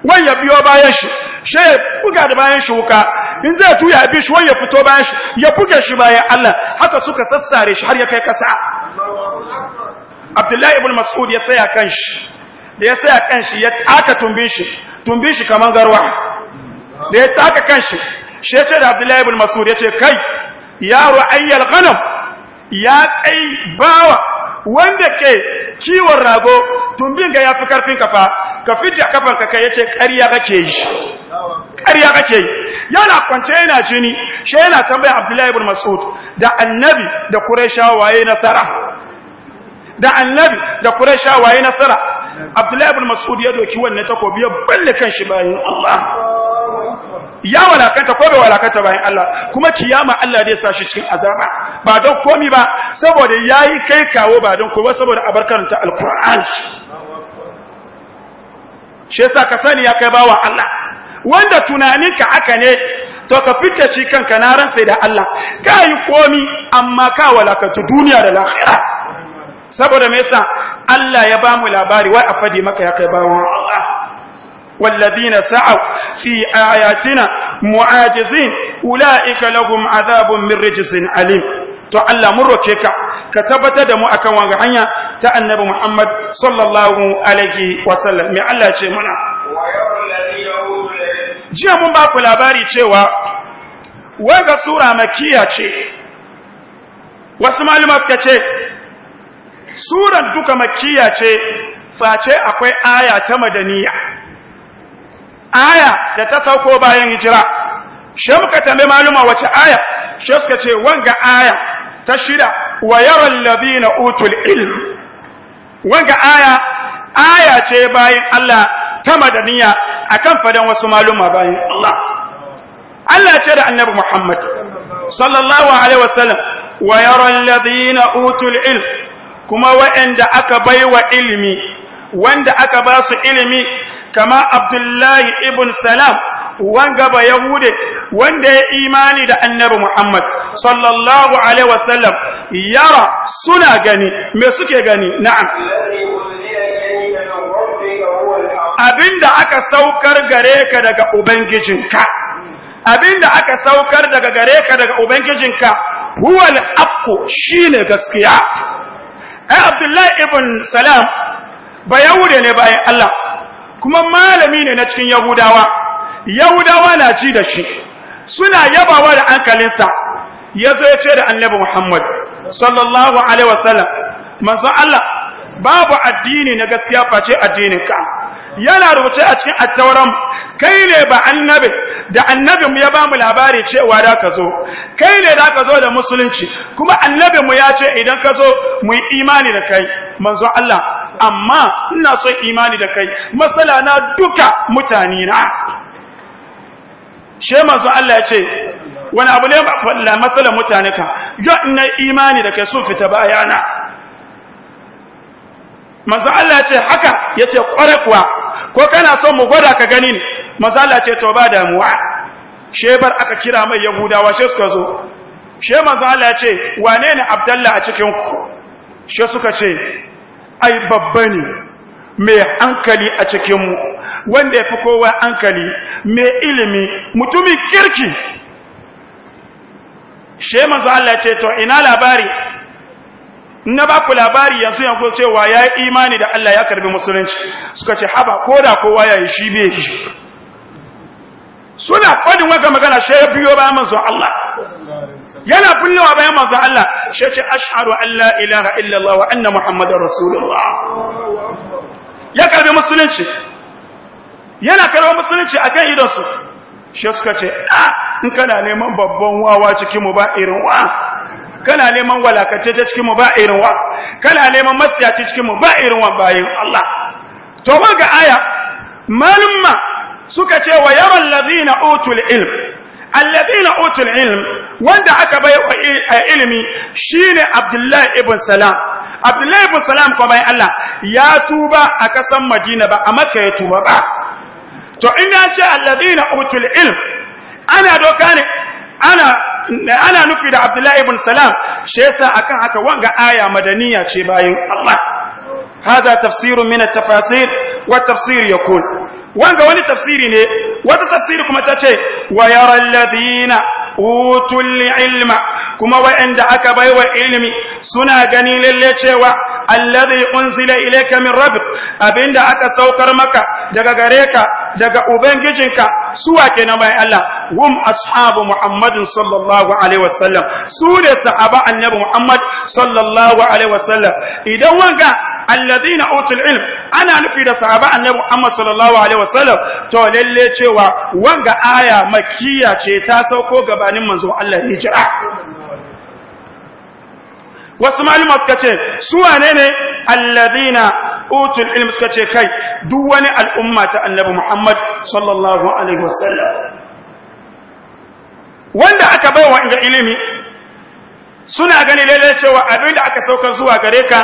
wani ya biyo bayan shi shi ya buga da bayan shi wuka in zai tuya bi shi wani ya fito bayan shi ya buga shi bayan Allah haka suka sassare shi har ya kai kasa abdullahi ibn mas'ud ya tsaya kan shi da ya tsaya kan shi ya taka tumbin shi tumbin shi kamar garwa da ya taka kan shi shi ya ce da abdullahi ibn mas'ud ya ce kai yaro ayyal ghanam ya kai bawa wanda ke kiwon rago tumbin ga yafi karfin kafa ka fidda kafan ka kai yace ƙarya kake yi ƙarya kake yi yana kwance yana jini shi yana tambaya Abdullahi ibn Mas'ud da annabi da quraysha waye nasara da annabi da quraysha waye nasara Abdullahi ibn Mas'ud ya doki wannan takobi ya balle kan shi bayin Allah ya walakanta ko bai walakanta bayan Allah kuma kiyama Allah zai sa shi cikin azaba ba don komi ba saboda yayi kai kawo ba don kowa saboda abarkanta alquran shi yasa ka sani ya kai bawa Allah wanda tunaninka aka ne to ka fitta shi kanka na ran sai da Allah kai komi amma ka walakanta duniya da lahira saboda me yasa Allah ya ba mu labari wai a fadi maka ya kai bawa Allah والذين سعوا في آياتنا معاجزين أولئك لهم عذاب من رجس أليم to Allah mun roke ka ka tabbatar da mu akan wanga hanya ta annabi Muhammad sallallahu alaihi wasallam me Allah ce muna jiya mun ba ku labari cewa wanga sura makiya ce wasu maluma ce suran duka makiya ce face akwai aya ta madaniya aya da ta sauko bayan hijira she muka tambe maluma wace aya she suka ce wanga aya ta shida wa yaran ladina utul ilm wanga aya aya ce bayan Allah ta madaniya akan fadan wasu maluma bayan Allah Allah ce da annabi Muhammad sallallahu alaihi wasallam wa yaran ladina utul ilm kuma wa'anda aka baiwa ilmi wanda aka ba su ilimi kama abdullahi ibn salam wanga ba yahude wanda ya imani da annabi muhammad sallallahu alaihi wasallam yara suna gani me suke gani na'am abinda aka saukar gare ka daga ubangijinka abinda aka saukar daga gare ka daga ubangijinka huwal akku shine gaskiya ai abdullahi ibn salam ba yahude ne bayan Allah kuma malami ne na cikin yahudawa yahudawa na ci da shi suna yabawa da hankalinsa ya zo ya ce da annabi muhammad sallallahu alaihi wasallam manzo allah babu addini na gaskiya face addininka yana rubuce a cikin attauran kai ne ba annabi da annabinmu ya ba mu labari cewa da ka zo kai ne da ka zo da musulunci kuma mu ya ce idan ka zo mu yi imani da kai manzo Allah amma ina son imani da kai matsala na duka mutane na she masu Allah ya ce wani abu ne la matsalar mutane ka yo ina imani da kai sun fita bayana masu Allah ya ce haka yace kware kuwa ko kana son mu gwada ka gani ne masu Allah ya ce to ba damuwa shebar aka kira mai yahudawa she suka zo she masu Allah ya ce wane ne abdallah a cikin ku she suka ce ai babba ne mai hankali a cikinmu wanda ya fi kowa hankali mai ilimi mutumin kirki she manzo Allah ce to ina labari na ba ku labari yanzu yanku cewa ya yi imani da Allah ya karbi musulunci suka ce haba ko da kowa ya yi shi bai shi suna kwadin waga magana shi ya biyo ba manzo Allah yana kullawa bayan manzon Allah shi ce ashhadu an la ilaha Allah wa anna muhammadar rasulullah ya karbi musulunci yana karbi musulunci akan su. shi suka ce a ah, in kana neman babban wawa cikin mu ba irin wa kana neman walakacce cikin mu ba irin wa kana neman masiyaci cikin mu ba irin wa bayin Allah to ga aya malumma suka ce wa yaral ladina utul ilm alladhina utul ilm wanda aka bai wa ilimi shine abdullahi ibn salam abdullahi ibn salam kuma bai Allah ya tuba a kasan madina ba a makka ya tuba ba to in ya ce alladhina utul ilm ana doka ne ana nufi da abdullahi ibn salam shi yasa akan haka wanga aya madaniya ce bayan Allah هذا تفسير من التفاسير والتفسير يقول wanga wani tafsiri ne wata tafsiri kuma ta ce wa yaral utul ilma kuma wa'anda aka baiwa ilmi suna gani lalle cewa alladhi unzila ilayka min rabbik abinda aka saukar maka daga gare ka daga ubangijinka suwa kenan bai Allah hum ashabu muhammadin sallallahu alaihi wasallam su ne sahaba annabi muhammad sallallahu alaihi wasallam idan wanga alladhina utul ilm ana nufi da sahaba annabi Muhammad sallallahu alaihi wasallam to lalle cewa wanga aya makkiya ce ta sauko gabanin manzo Allah hijira wasu malama suka ce su wane ne alladina utul ilm suka ce kai duk wani al'umma ta annabi Muhammad sallallahu alaihi wasallam wanda aka bai wa ilimi suna gani lalle cewa abin da aka sauka zuwa gare ka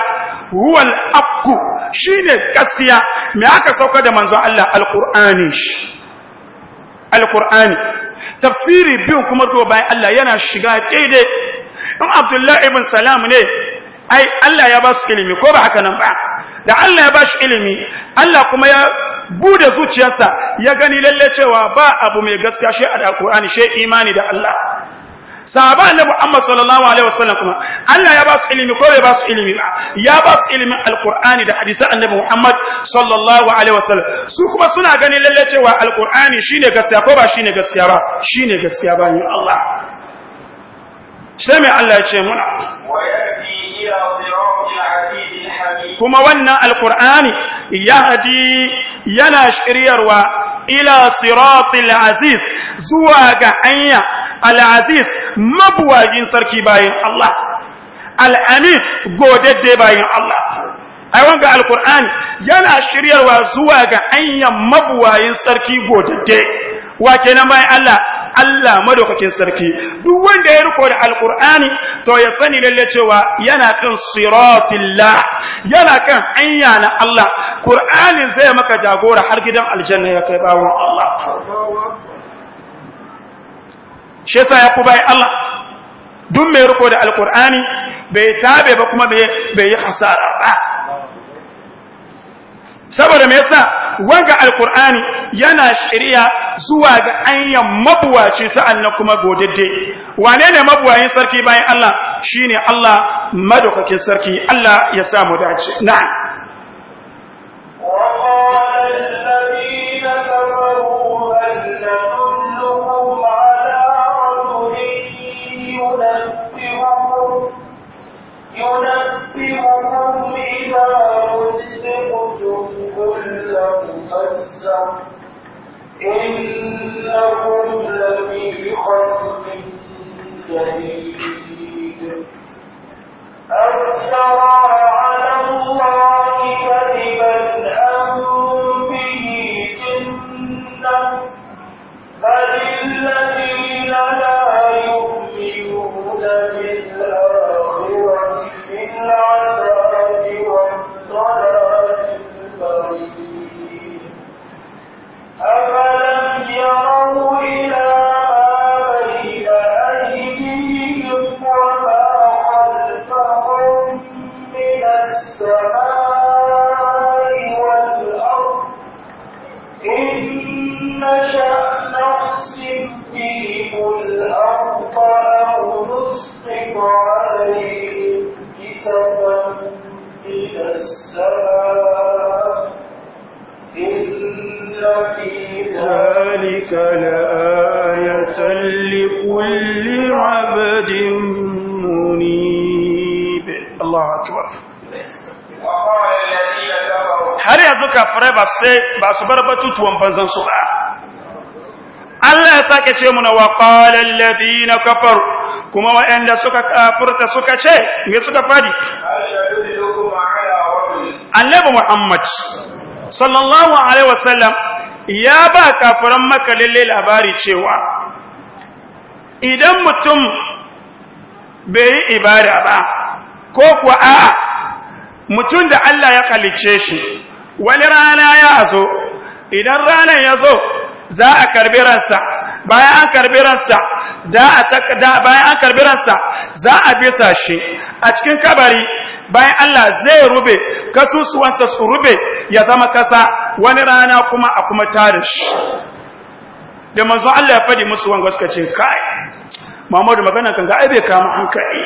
huwal abku shine gaskiya me aka sauka da manzon Allah alqur'ani alqur'ani tafsiri biyu kuma to bayan Allah yana shiga kaide in Abdullahi ibn Salam ne ai Allah ya ba su ilimi ko ba haka nan ba da Allah ya ba shi ilimi Allah kuma ya bude zuciyarsa ya gani lalle cewa ba abu mai gaskiya shi a alqur'ani shi imani da Allah sahaba annabi Muhammad sallallahu alaihi wasallam kuma Allah ya ba su ilimi ko bai ba su ilimi ba ya ba su ilimin alqur'ani da hadisan annabi Muhammad sallallahu alaihi wasallam su kuma suna ganin lalle cewa alqur'ani shine gaskiya ko ba shine gaskiya ba shine gaskiya ba ni Allah sai mai Allah ya ce muna kuma wannan alqur'ani yahdi yana shiryarwa ila siratil aziz zuwa ga anya al'aziz mabuwagin sarki bayan Allah al'amin godadde bayan Allah ai wanga alkur'ani yana shiryarwa zuwa ga anyan mabuwayin sarki godadde wa nan bayan Allah Allah madaukakin sarki duk wanda ya riko da alkur'ani to ya sani lalle cewa yana kan siratillah yana kan hanya na Allah qur'anin zai maka jagora har gidan aljanna ya kai bawon Allah shi yasa ya kubai Allah duk mai riko da alkur'ani bai tabe ba kuma bai yi hasara ba saboda me yasa wanga alkur'ani yana shirya zuwa ga anyan mabuwaci na kuma godadde wane ne mabuwayin sarki bayan Allah shine Allah madaukakin sarki Allah ya samu dace na'am شهيد أو لآية لكل عبد منيب الله أكبر هل يزوك أفره بس بربطو توانبانزان سوء الله ساكي تيمون وقال الذين كفروا كما وإن دا سوك أفر تسوك چه نجي سوك فادي أنه محمد صلى الله عليه وسلم ya ba kafiran maka lalle labari cewa idan mutum bai yi ibada ba ko kuwa a'a mutum da Allah ya kalice shi wani rana ya zo idan ranar ya zo za a karbi ransa bayan an karbi ransa bayan an karbi ransa za a bisa shi a cikin kabari bayan Allah zai rube kasusuwansa su rube ya zama kasa wani rana kuma a kuma tare shi da manzo Allah ya fadi musu wanga suka ce kai Muhammadu magana kan ga ai bai kama hankali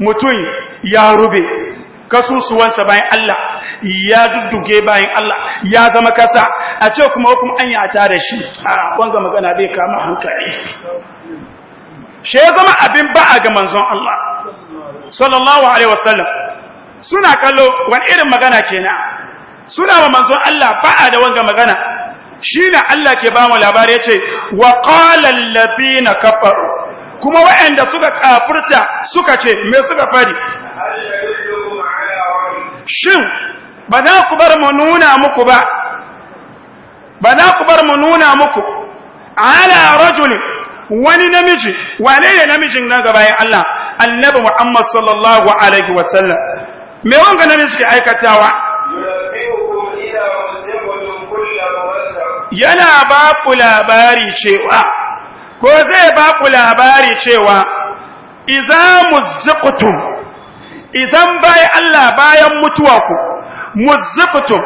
mutum ya rube kasusuwansa bayan Allah ya dudduge bayan Allah ya zama kasa a ce kuma hukum an yi a tare shi a wanga magana bai kama hankali shi ya zama abin ba'a ga manzon Allah sallallahu alaihi wasallam suna kallo wani irin magana kenan suna wa manzon Allah fa'a da wanga magana shine Allah ke bamu labarai labari yace wa qala allazina kafaru kuma waɗanda suka kafurta suka ce me suka fari shin ba za ku bar mu nuna muku ba ba za ku bar mu nuna muku ala rajulin wani namiji wane ne namijin nan gaba Allah annabi Muhammad sallallahu alaihi wasallam me wanga namiji ke aikatawa yana ba ku labari cewa ko zai ba ku labari cewa iza muzziqtum idan bai Allah bayan mutuwa ku muzziqtum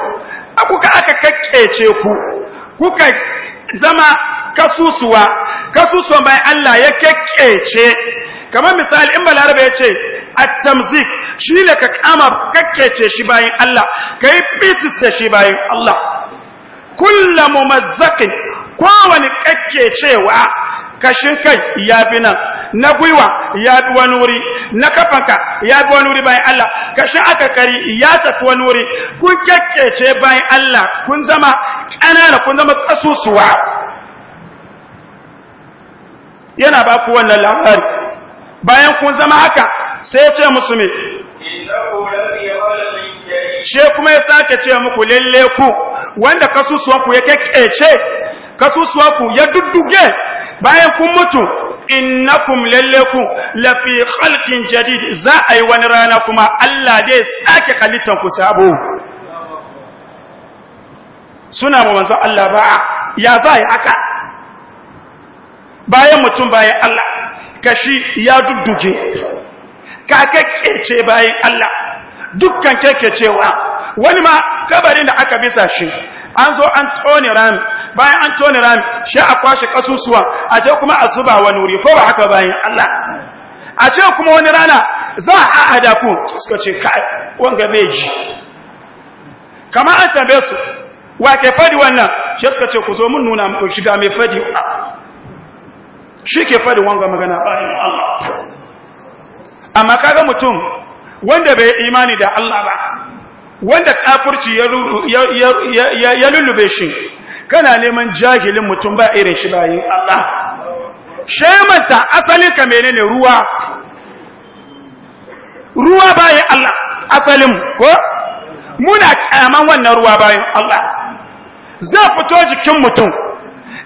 akuka aka kakkece ku kuka zama kasusuwa kasusuwa bai Allah ya kakkece kamar misali in balarabe ya ce at-tamzik shi ne ka kama kakkece shi bayan Allah kai bisis da shi bayan Allah kulla mumazzakin kowane kakke cewa kashin kai ya bi nan na gwiwa ya bi wani wuri na kafanka ya bi wani wuri bayan Allah kashin kari ya tafi wani wuri kun ce bayan Allah kun zama ƙanana kun zama ƙasusuwa yana ba ku wannan labari bayan kun zama haka sai ya ce musu she kuma ya sake ce muku lalle ku wanda ku ya kasusuwa kasusuwanku ya dudduge bayan kun mutu innakum lalle ku fi khalqin jadid za a yi wani rana kuma Allah zai sake halittar ku sabo suna ma manzo Allah ba ya za yi bayan mutum bayan Allah kashi ya dudduge ka ce bayan Allah dukkan cewa wani ma kabarin da aka bisa shi an zo an tone rami bayan an tone rami shi a kwashe kasusuwa a ce kuma a zuba wani wuri ko ba haka bayan Allah a ce kuma wani rana za a hada ku suka ce kai wanga meji kama an tambaye su wa ke fadi wannan shi suka ce ku zo mun nuna muku shiga mai fadi shi ke fadi wanga magana bayan Allah amma kaga mutum wanda bai imani da Allah ba wanda kafirci ya lullube shi kana neman jahilin mutum ba irin shi bayin Allah shemanta asalin ka menene ruwa ruwa bayin Allah asalin ko muna kaman wannan ruwa bayin Allah zai fito jikin mutum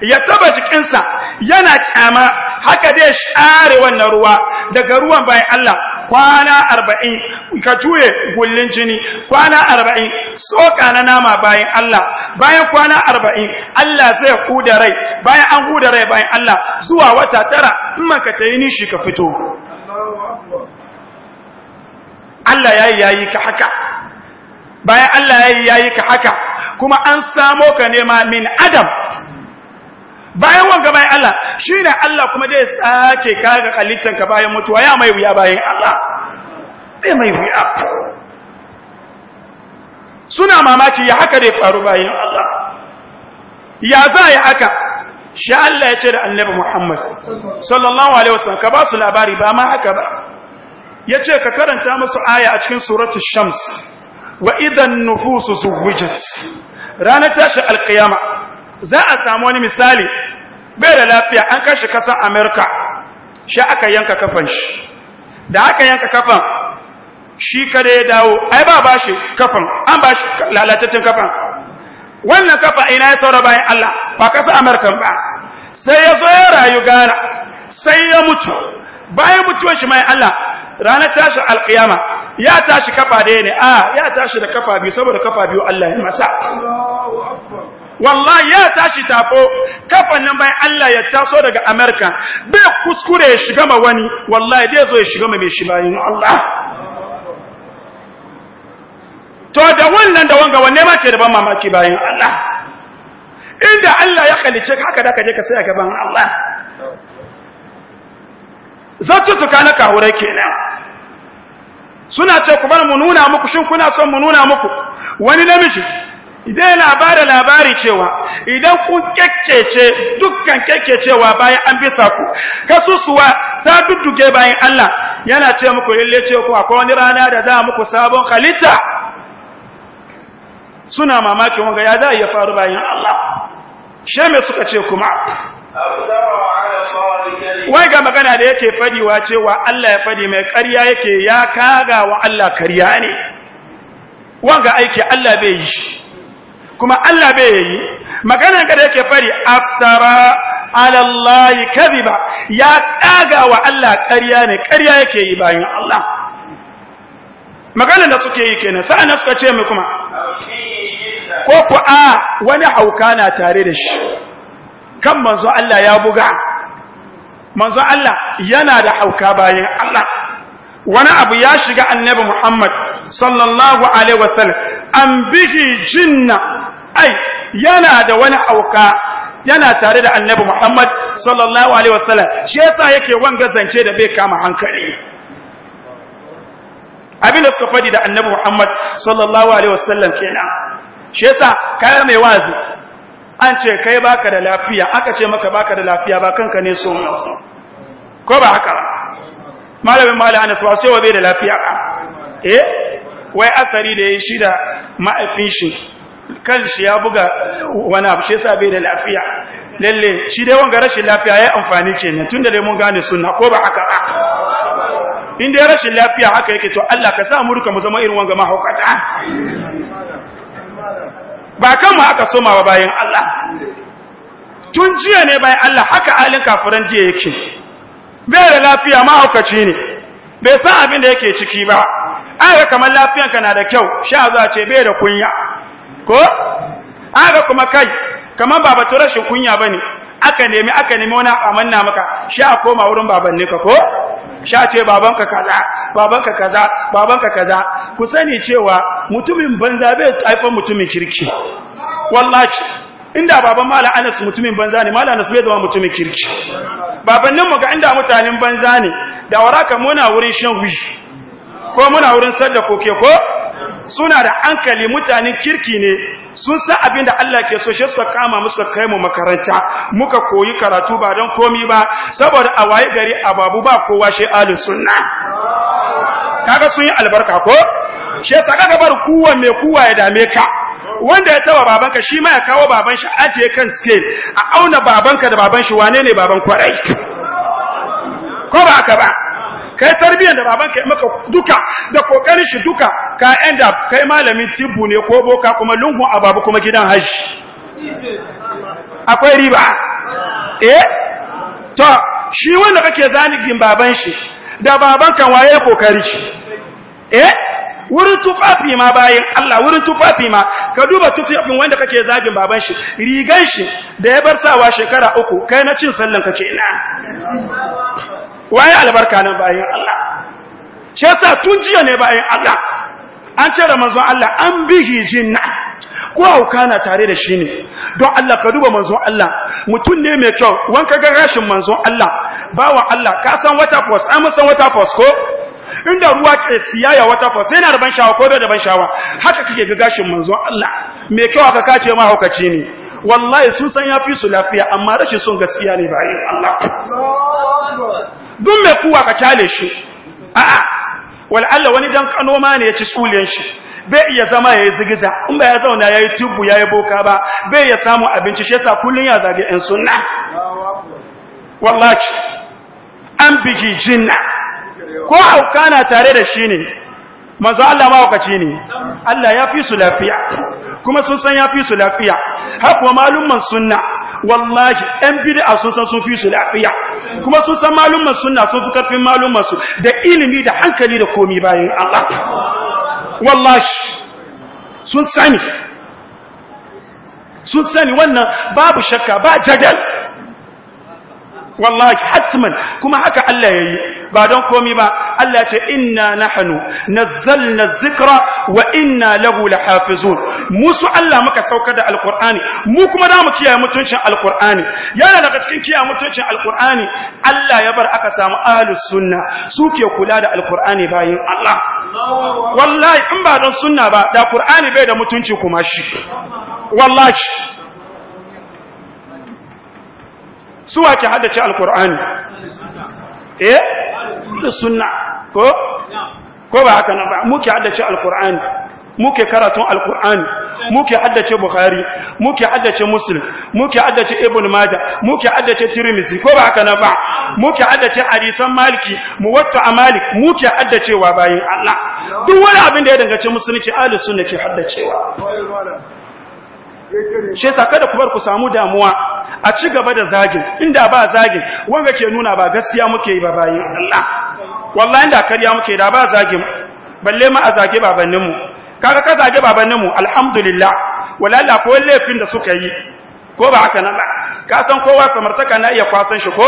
ya taba jikinsa yana kama haka dai share wannan ruwa daga ruwan bayan Allah kwana arba'in ka juye gullin jini kwana arba'in soka na nama bayan Allah bayan kwana arba'in Allah zai huda rai bayan an huda rai bayan Allah zuwa wata tara in maka ta yi nishi ka fito Allah ya yi ka haka bayan Allah ya yayi ka haka kuma an samo ka nema min adam bayan wanga bayan Allah shi ne Allah kuma zai sake kaga halittanka bayan mutuwa ya mai wuya bayan Allah bai mai wuya suna mamaki ya haka dai faru bayan Allah ya za ya haka shi Allah ya ce da annabi Muhammad sallallahu alaihi wasallam ka ba su labari ba ma haka ba ya ce ka karanta musu aya a cikin suratul shams wa idan nufusu zuwijat ranar tashin alkiyama za a samu wani misali bai da lafiya an kashi kasan amerika shi aka yanka kafan shi da aka yanka kafan shi kada ya dawo ai ba ba shi kafan an ba shi lalatattun kafan wannan kafa ina ya saura bayan allah ba kasan amerika ba sai ya zo ya rayu gana sai ya mutu bayan mutuwan shi mai allah ranar tashi alkiyama ya tashi kafa daya ne a ah, ya tashi da kafa biyu saboda kafa biyu allah ya masa wallahi ya tashi tafo kafan nan bayan Allah ya taso daga Amerika bai kuskure ya shiga ma wani wallahi dai zo ya shiga ma mai shi bayan Allah to da wannan da wanga wanne ma ke da ban mamaki bayan Allah inda Allah ya kalice ka haka da ka je ka saya gaban Allah tuka na kahure kenan suna ce ku bar mu nuna muku shin kuna son mu nuna muku wani namiji idan labara labari cewa idan ku kekkece dukkan kekkecewa bayan an bisa ku kasusuwa ta dudduke bayan Allah yana ce muku lalle ce ku akwai wani rana da za muku sabon halitta suna mamakin wanga ya za ya faru bayan Allah she me suka ce kuma wai ga magana da yake fadiwa cewa Allah ya fadi mai ƙarya yake ya kaga wa Allah ƙarya ne wanga aiki Allah bai yi shi kuma Allah bai yi maganar ka da yake fari aftara ala kadhiba ya kaga wa Allah ƙarya ne ƙarya yake yi bayan Allah maganar da suke yi kenan sai na suka ce mai kuma ko ku a wani hauka na tare da shi kan manzo Allah ya buga manzo Allah yana da hauka bayan Allah wani abu ya shiga annabi Muhammad sallallahu alaihi wasallam an bihi jinna ai yana da wani auka yana tare da annabi Muhammad sallallahu alaihi wasallam shi yasa yake wanga zance da bai kama hankali abin da suka fadi da annabi Muhammad sallallahu alaihi wasallam kenan shi yasa kai mai wazi an ce kai baka da lafiya aka ce maka baka da lafiya ba kanka ne so ko ba haka malamin malamin anas ba sai wa bai da lafiya eh wai asari da ya shi da ma'afin shi kan shi ya buga wani abu shi sa bai da lafiya lalle shi dai wanga rashin lafiya ya amfani kenan tunda dai mun gane suna ko ba haka a in dai rashin lafiya haka yake to Allah ka sa mu duka mu zama irin wanga mahaukata ba kan mu aka soma ba bayan Allah tun jiya ne bayan Allah haka alin kafiran jiya yake bai da lafiya mahaukaci ne bai san abin da yake ciki ba aga kamar lafiyanka na da kyau sha za ce bai da kunya ko aga kuma kai kamar baba batu rashin kunya bane aka nemi aka nemi wani amanna maka sha koma wurin babanne ka ko sha ce babanka kaza babanka kaza babanka kaza ku sani cewa mutumin banza bai taifan mutumin kirki wallahi inda baban malam Anas mutumin banza ne malam Anas bai zama mutumin kirki babannin mu ga inda mutanen banza ne da waraka muna wurin shan wishi ko muna wurin sadda koke ko suna da hankali mutanen kirki ne sun san abin da Allah ke so shi suka kama musu kai mu makaranta muka koyi karatu ba don komi ba saboda a waye gari a babu ba kowa shi ahlus sunna kaga sun yi albarka ko shi yasa kaga bar kuwa mai kuwa ya dame ka wanda ya taba babanka shi ma ya kawo baban shi ajiye kan scale a auna babanka da baban shi wane ne baban kwarai ko ba ka ba kai tarbiyyar da babanka ya maka duka da kokarin shi duka ka end up kai malamin tibbu ne ko boka kuma lungun ababu kuma gidan hajji akwai riba eh to shi wanda kake zanigin baban shi da baban kan waye kokari eh wurin tufafi ma bayan Allah wurin tufafi ma ka duba tufafin wanda kake zagin baban shi rigan shi da ya bar sawa shekara uku kai na cin sallan kake ina waye albarka nan bayan Allah shi yasa tun jiya ne bayan Allah an ce da manzon Allah an bihi jinna ko aukana na tare da shi ne don Allah ka duba manzon Allah mutum ne mai kyau wanka ga rashin manzon Allah bawa Allah ka san wata force an san wata force ko inda ruwa ke siyaya wata force yana da ban shawa ko da ban shawa haka kake ga gashin manzon Allah mai kyau ka kace ma haukaci ne wallahi sun san ya fi su lafiya amma rashin sun gaskiya ne bayan Allah dun mai kuwa ka kyale shi a'a wal Allah wani dan kano ma ne ya ci tsuliyan shi bai iya zama ya yi zigiza in ba ya zauna ya yi tubu ya yi boka ba bai iya samu abinci shi yasa kullum ya zage yan sunna Wallaki. an bigi jinna ko auka na tare da shi ne manzo Allah mawakaci ne Allah ya fi su lafiya kuma sun san ya fi su lafiya haka malumman sunna wallahi ɗan bid'a sun san sun fi su lafiya kuma sun san malumman sunna sun fi karfin malumman su da ilimi da hankali da komi bayan Allah wallahi sun sani sun sani wannan babu shakka ba jajal wallahi hatman kuma haka Allah yayi ba don komi ba Allah ce inna nahnu nazzalna dhikra wa inna lahu lahafizun musu Allah muka saukar da alqur'ani mu kuma da mu kiyaye mutuncin alqur'ani yana daga cikin kiyaye mutuncin alqur'ani Allah ya bar aka samu ahlus sunna suke kula da alqur'ani bayin Allah wallahi in ba don sunna ba da qur'ani bai da mutunci kuma shi wallahi suwa ke haddace alqur'ani eh da sunna ko ko ba haka nan ba muke haddace alqur'ani muke karatun alqur'ani muke haddace bukhari muke haddace muslim muke haddace ibn majah muke haddace tirmidhi ko ba haka nan ba muke haddace hadisan maliki muwatta malik muke haddacewa bayin Allah duk wani abin da ya dangace musulunci ahlus sunna ke haddacewa shi yasa kada ku bar ku samu damuwa a ci gaba da zagin inda ba zagin wanga ke nuna ba gaskiya muke yi ba bayin Allah wallahi da kariya muke da ba zage mu balle ma a zage babannin mu kaga ka zage babannin mu alhamdulillah wallahi ko laifin da suka yi ko ba haka nan ba ka san kowa samartaka na iya kwasan shi ko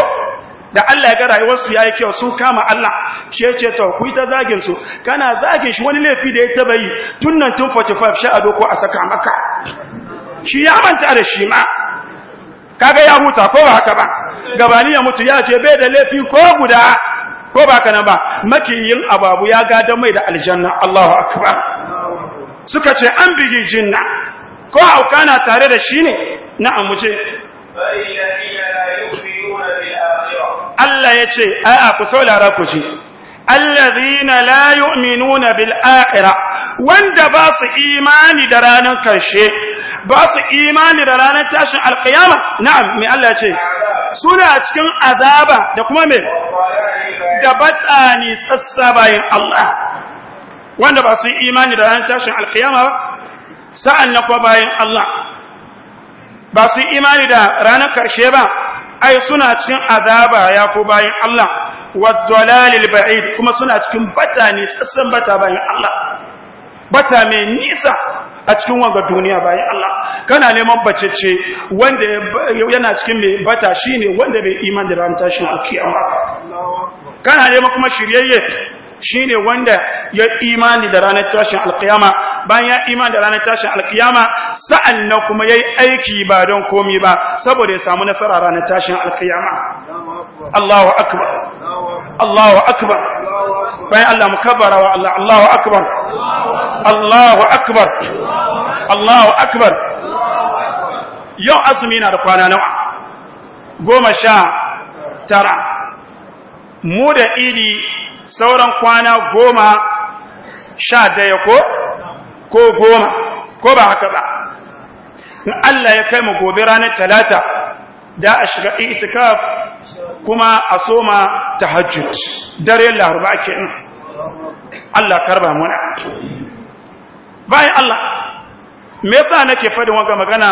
da Allah ya ga rayuwarsu yayi kyau su kama Allah shi yace to ku ta zagin su kana zagin shi wani laifi da ya taba yi tun nan tun 45 sha ado ko a saka maka shi ya manta da shi ma kaga ya huta ko ba haka ba gabani ya mutu ya ce bai da laifi ko guda ko ba kana ba makiyin ababu ya gada mai da aljanna Allahu akbar suka ce an biji jinna ko auka na tare da shi ne na'am mu ce Allah ya ce a'a ku saurara ku ji allazina la yu'minuna bil akhirah wanda ba su imani da ranar karshe ba su imani da ranar tashin alqiyama na'am me Allah ce suna cikin azaba da kuma me da batsani sassa bayan Allah wanda ba su yi imani da ranar tashin alkiyama ba sa'an na kwa bayan Allah ba su yi imani da ranar karshe ba ai suna cikin azaba ya ko bayan Allah waddalalil ba'id kuma suna cikin batsani sassan bata bayan Allah bata mai nisa a cikin wanga duniya bayan Allah kana neman bacece wanda yana cikin mai bata shine wanda bai iman da ran tashin alkiyama kana ne kuma shiryayye ne wanda ya imani da ranar tashin alkiyama bayan ya imani da ranar tashin alkiyama sa'an na kuma ya yi aiki ba don komi ba saboda ya samu nasara ranar tashin alkiyama Allahu akbar Allahu akbar bayan Allah mukabbara wa Allah Allahu akbar Allahu akbar Allahu akbar yau asumi na da kwana nawa goma sha tara mu da idi sauran kwana goma sha daya ko ko goma ko ba haka ba in Allah ya kai mu gobe ranar talata da a shiga itikaf kuma a soma tahajjud dare laruba kenan Allah karba mana bai Allah me yasa nake fadin wannan magana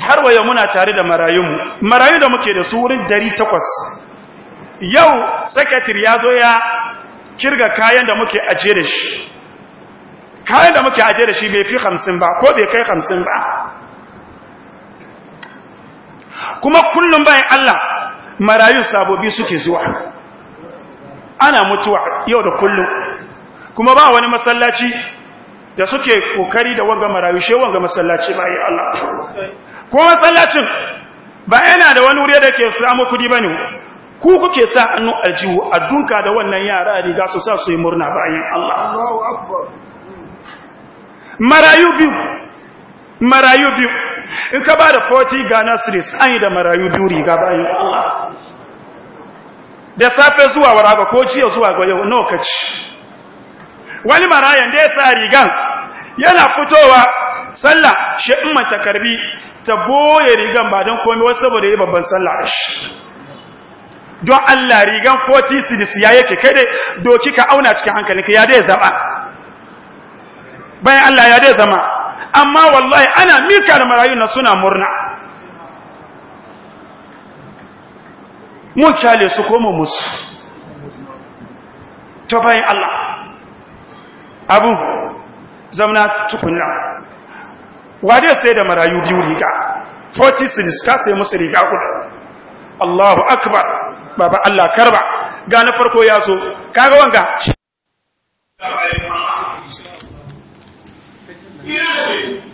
har waya muna tare da marayunmu marayu da muke da su wurin yau sakatir ya zo ya kirga kayan da muke ajiye da shi kayan da muke ajiye da shi bai fi hamsin ba ko bai kai hamsin ba kuma kullum bayan Allah marayun sabobi suke zuwa ana mutuwa yau da kullum kuma ba wani masallaci da suke kokari da wanga marayu she wanga masallaci ba Allah ko masallacin ba yana da wani wuri da ke samu kudi bane ku kuke sa hannu aljihu a duka da wannan yara riga su sa su yi murna bayan Allah marayu biyu marayu biyu in ka ba da 40 ghana series an yi da marayu biyu riga bayan Allah da safe zuwa waraga ko jiya zuwa ga yau nawa kaci wani marayan da ya sa rigan yana fitowa sallah shi in mace karbi ta boye rigan ba don komai wasu saboda yi babban sallah shi don Allah rigan 40 cds ya yake kai dai doki ka auna cikin ka ya dai zaba bayan Allah ya dai zama amma wallahi ana mika da marayu na suna murna mun kyale su koma musu to bayan Allah abu zamana tukunna wadai sai da marayu biyu riga 40 cds ka sai musu riga guda Allahu akbar baba Allah karba ga na farko ya so kaga wanga Yeah.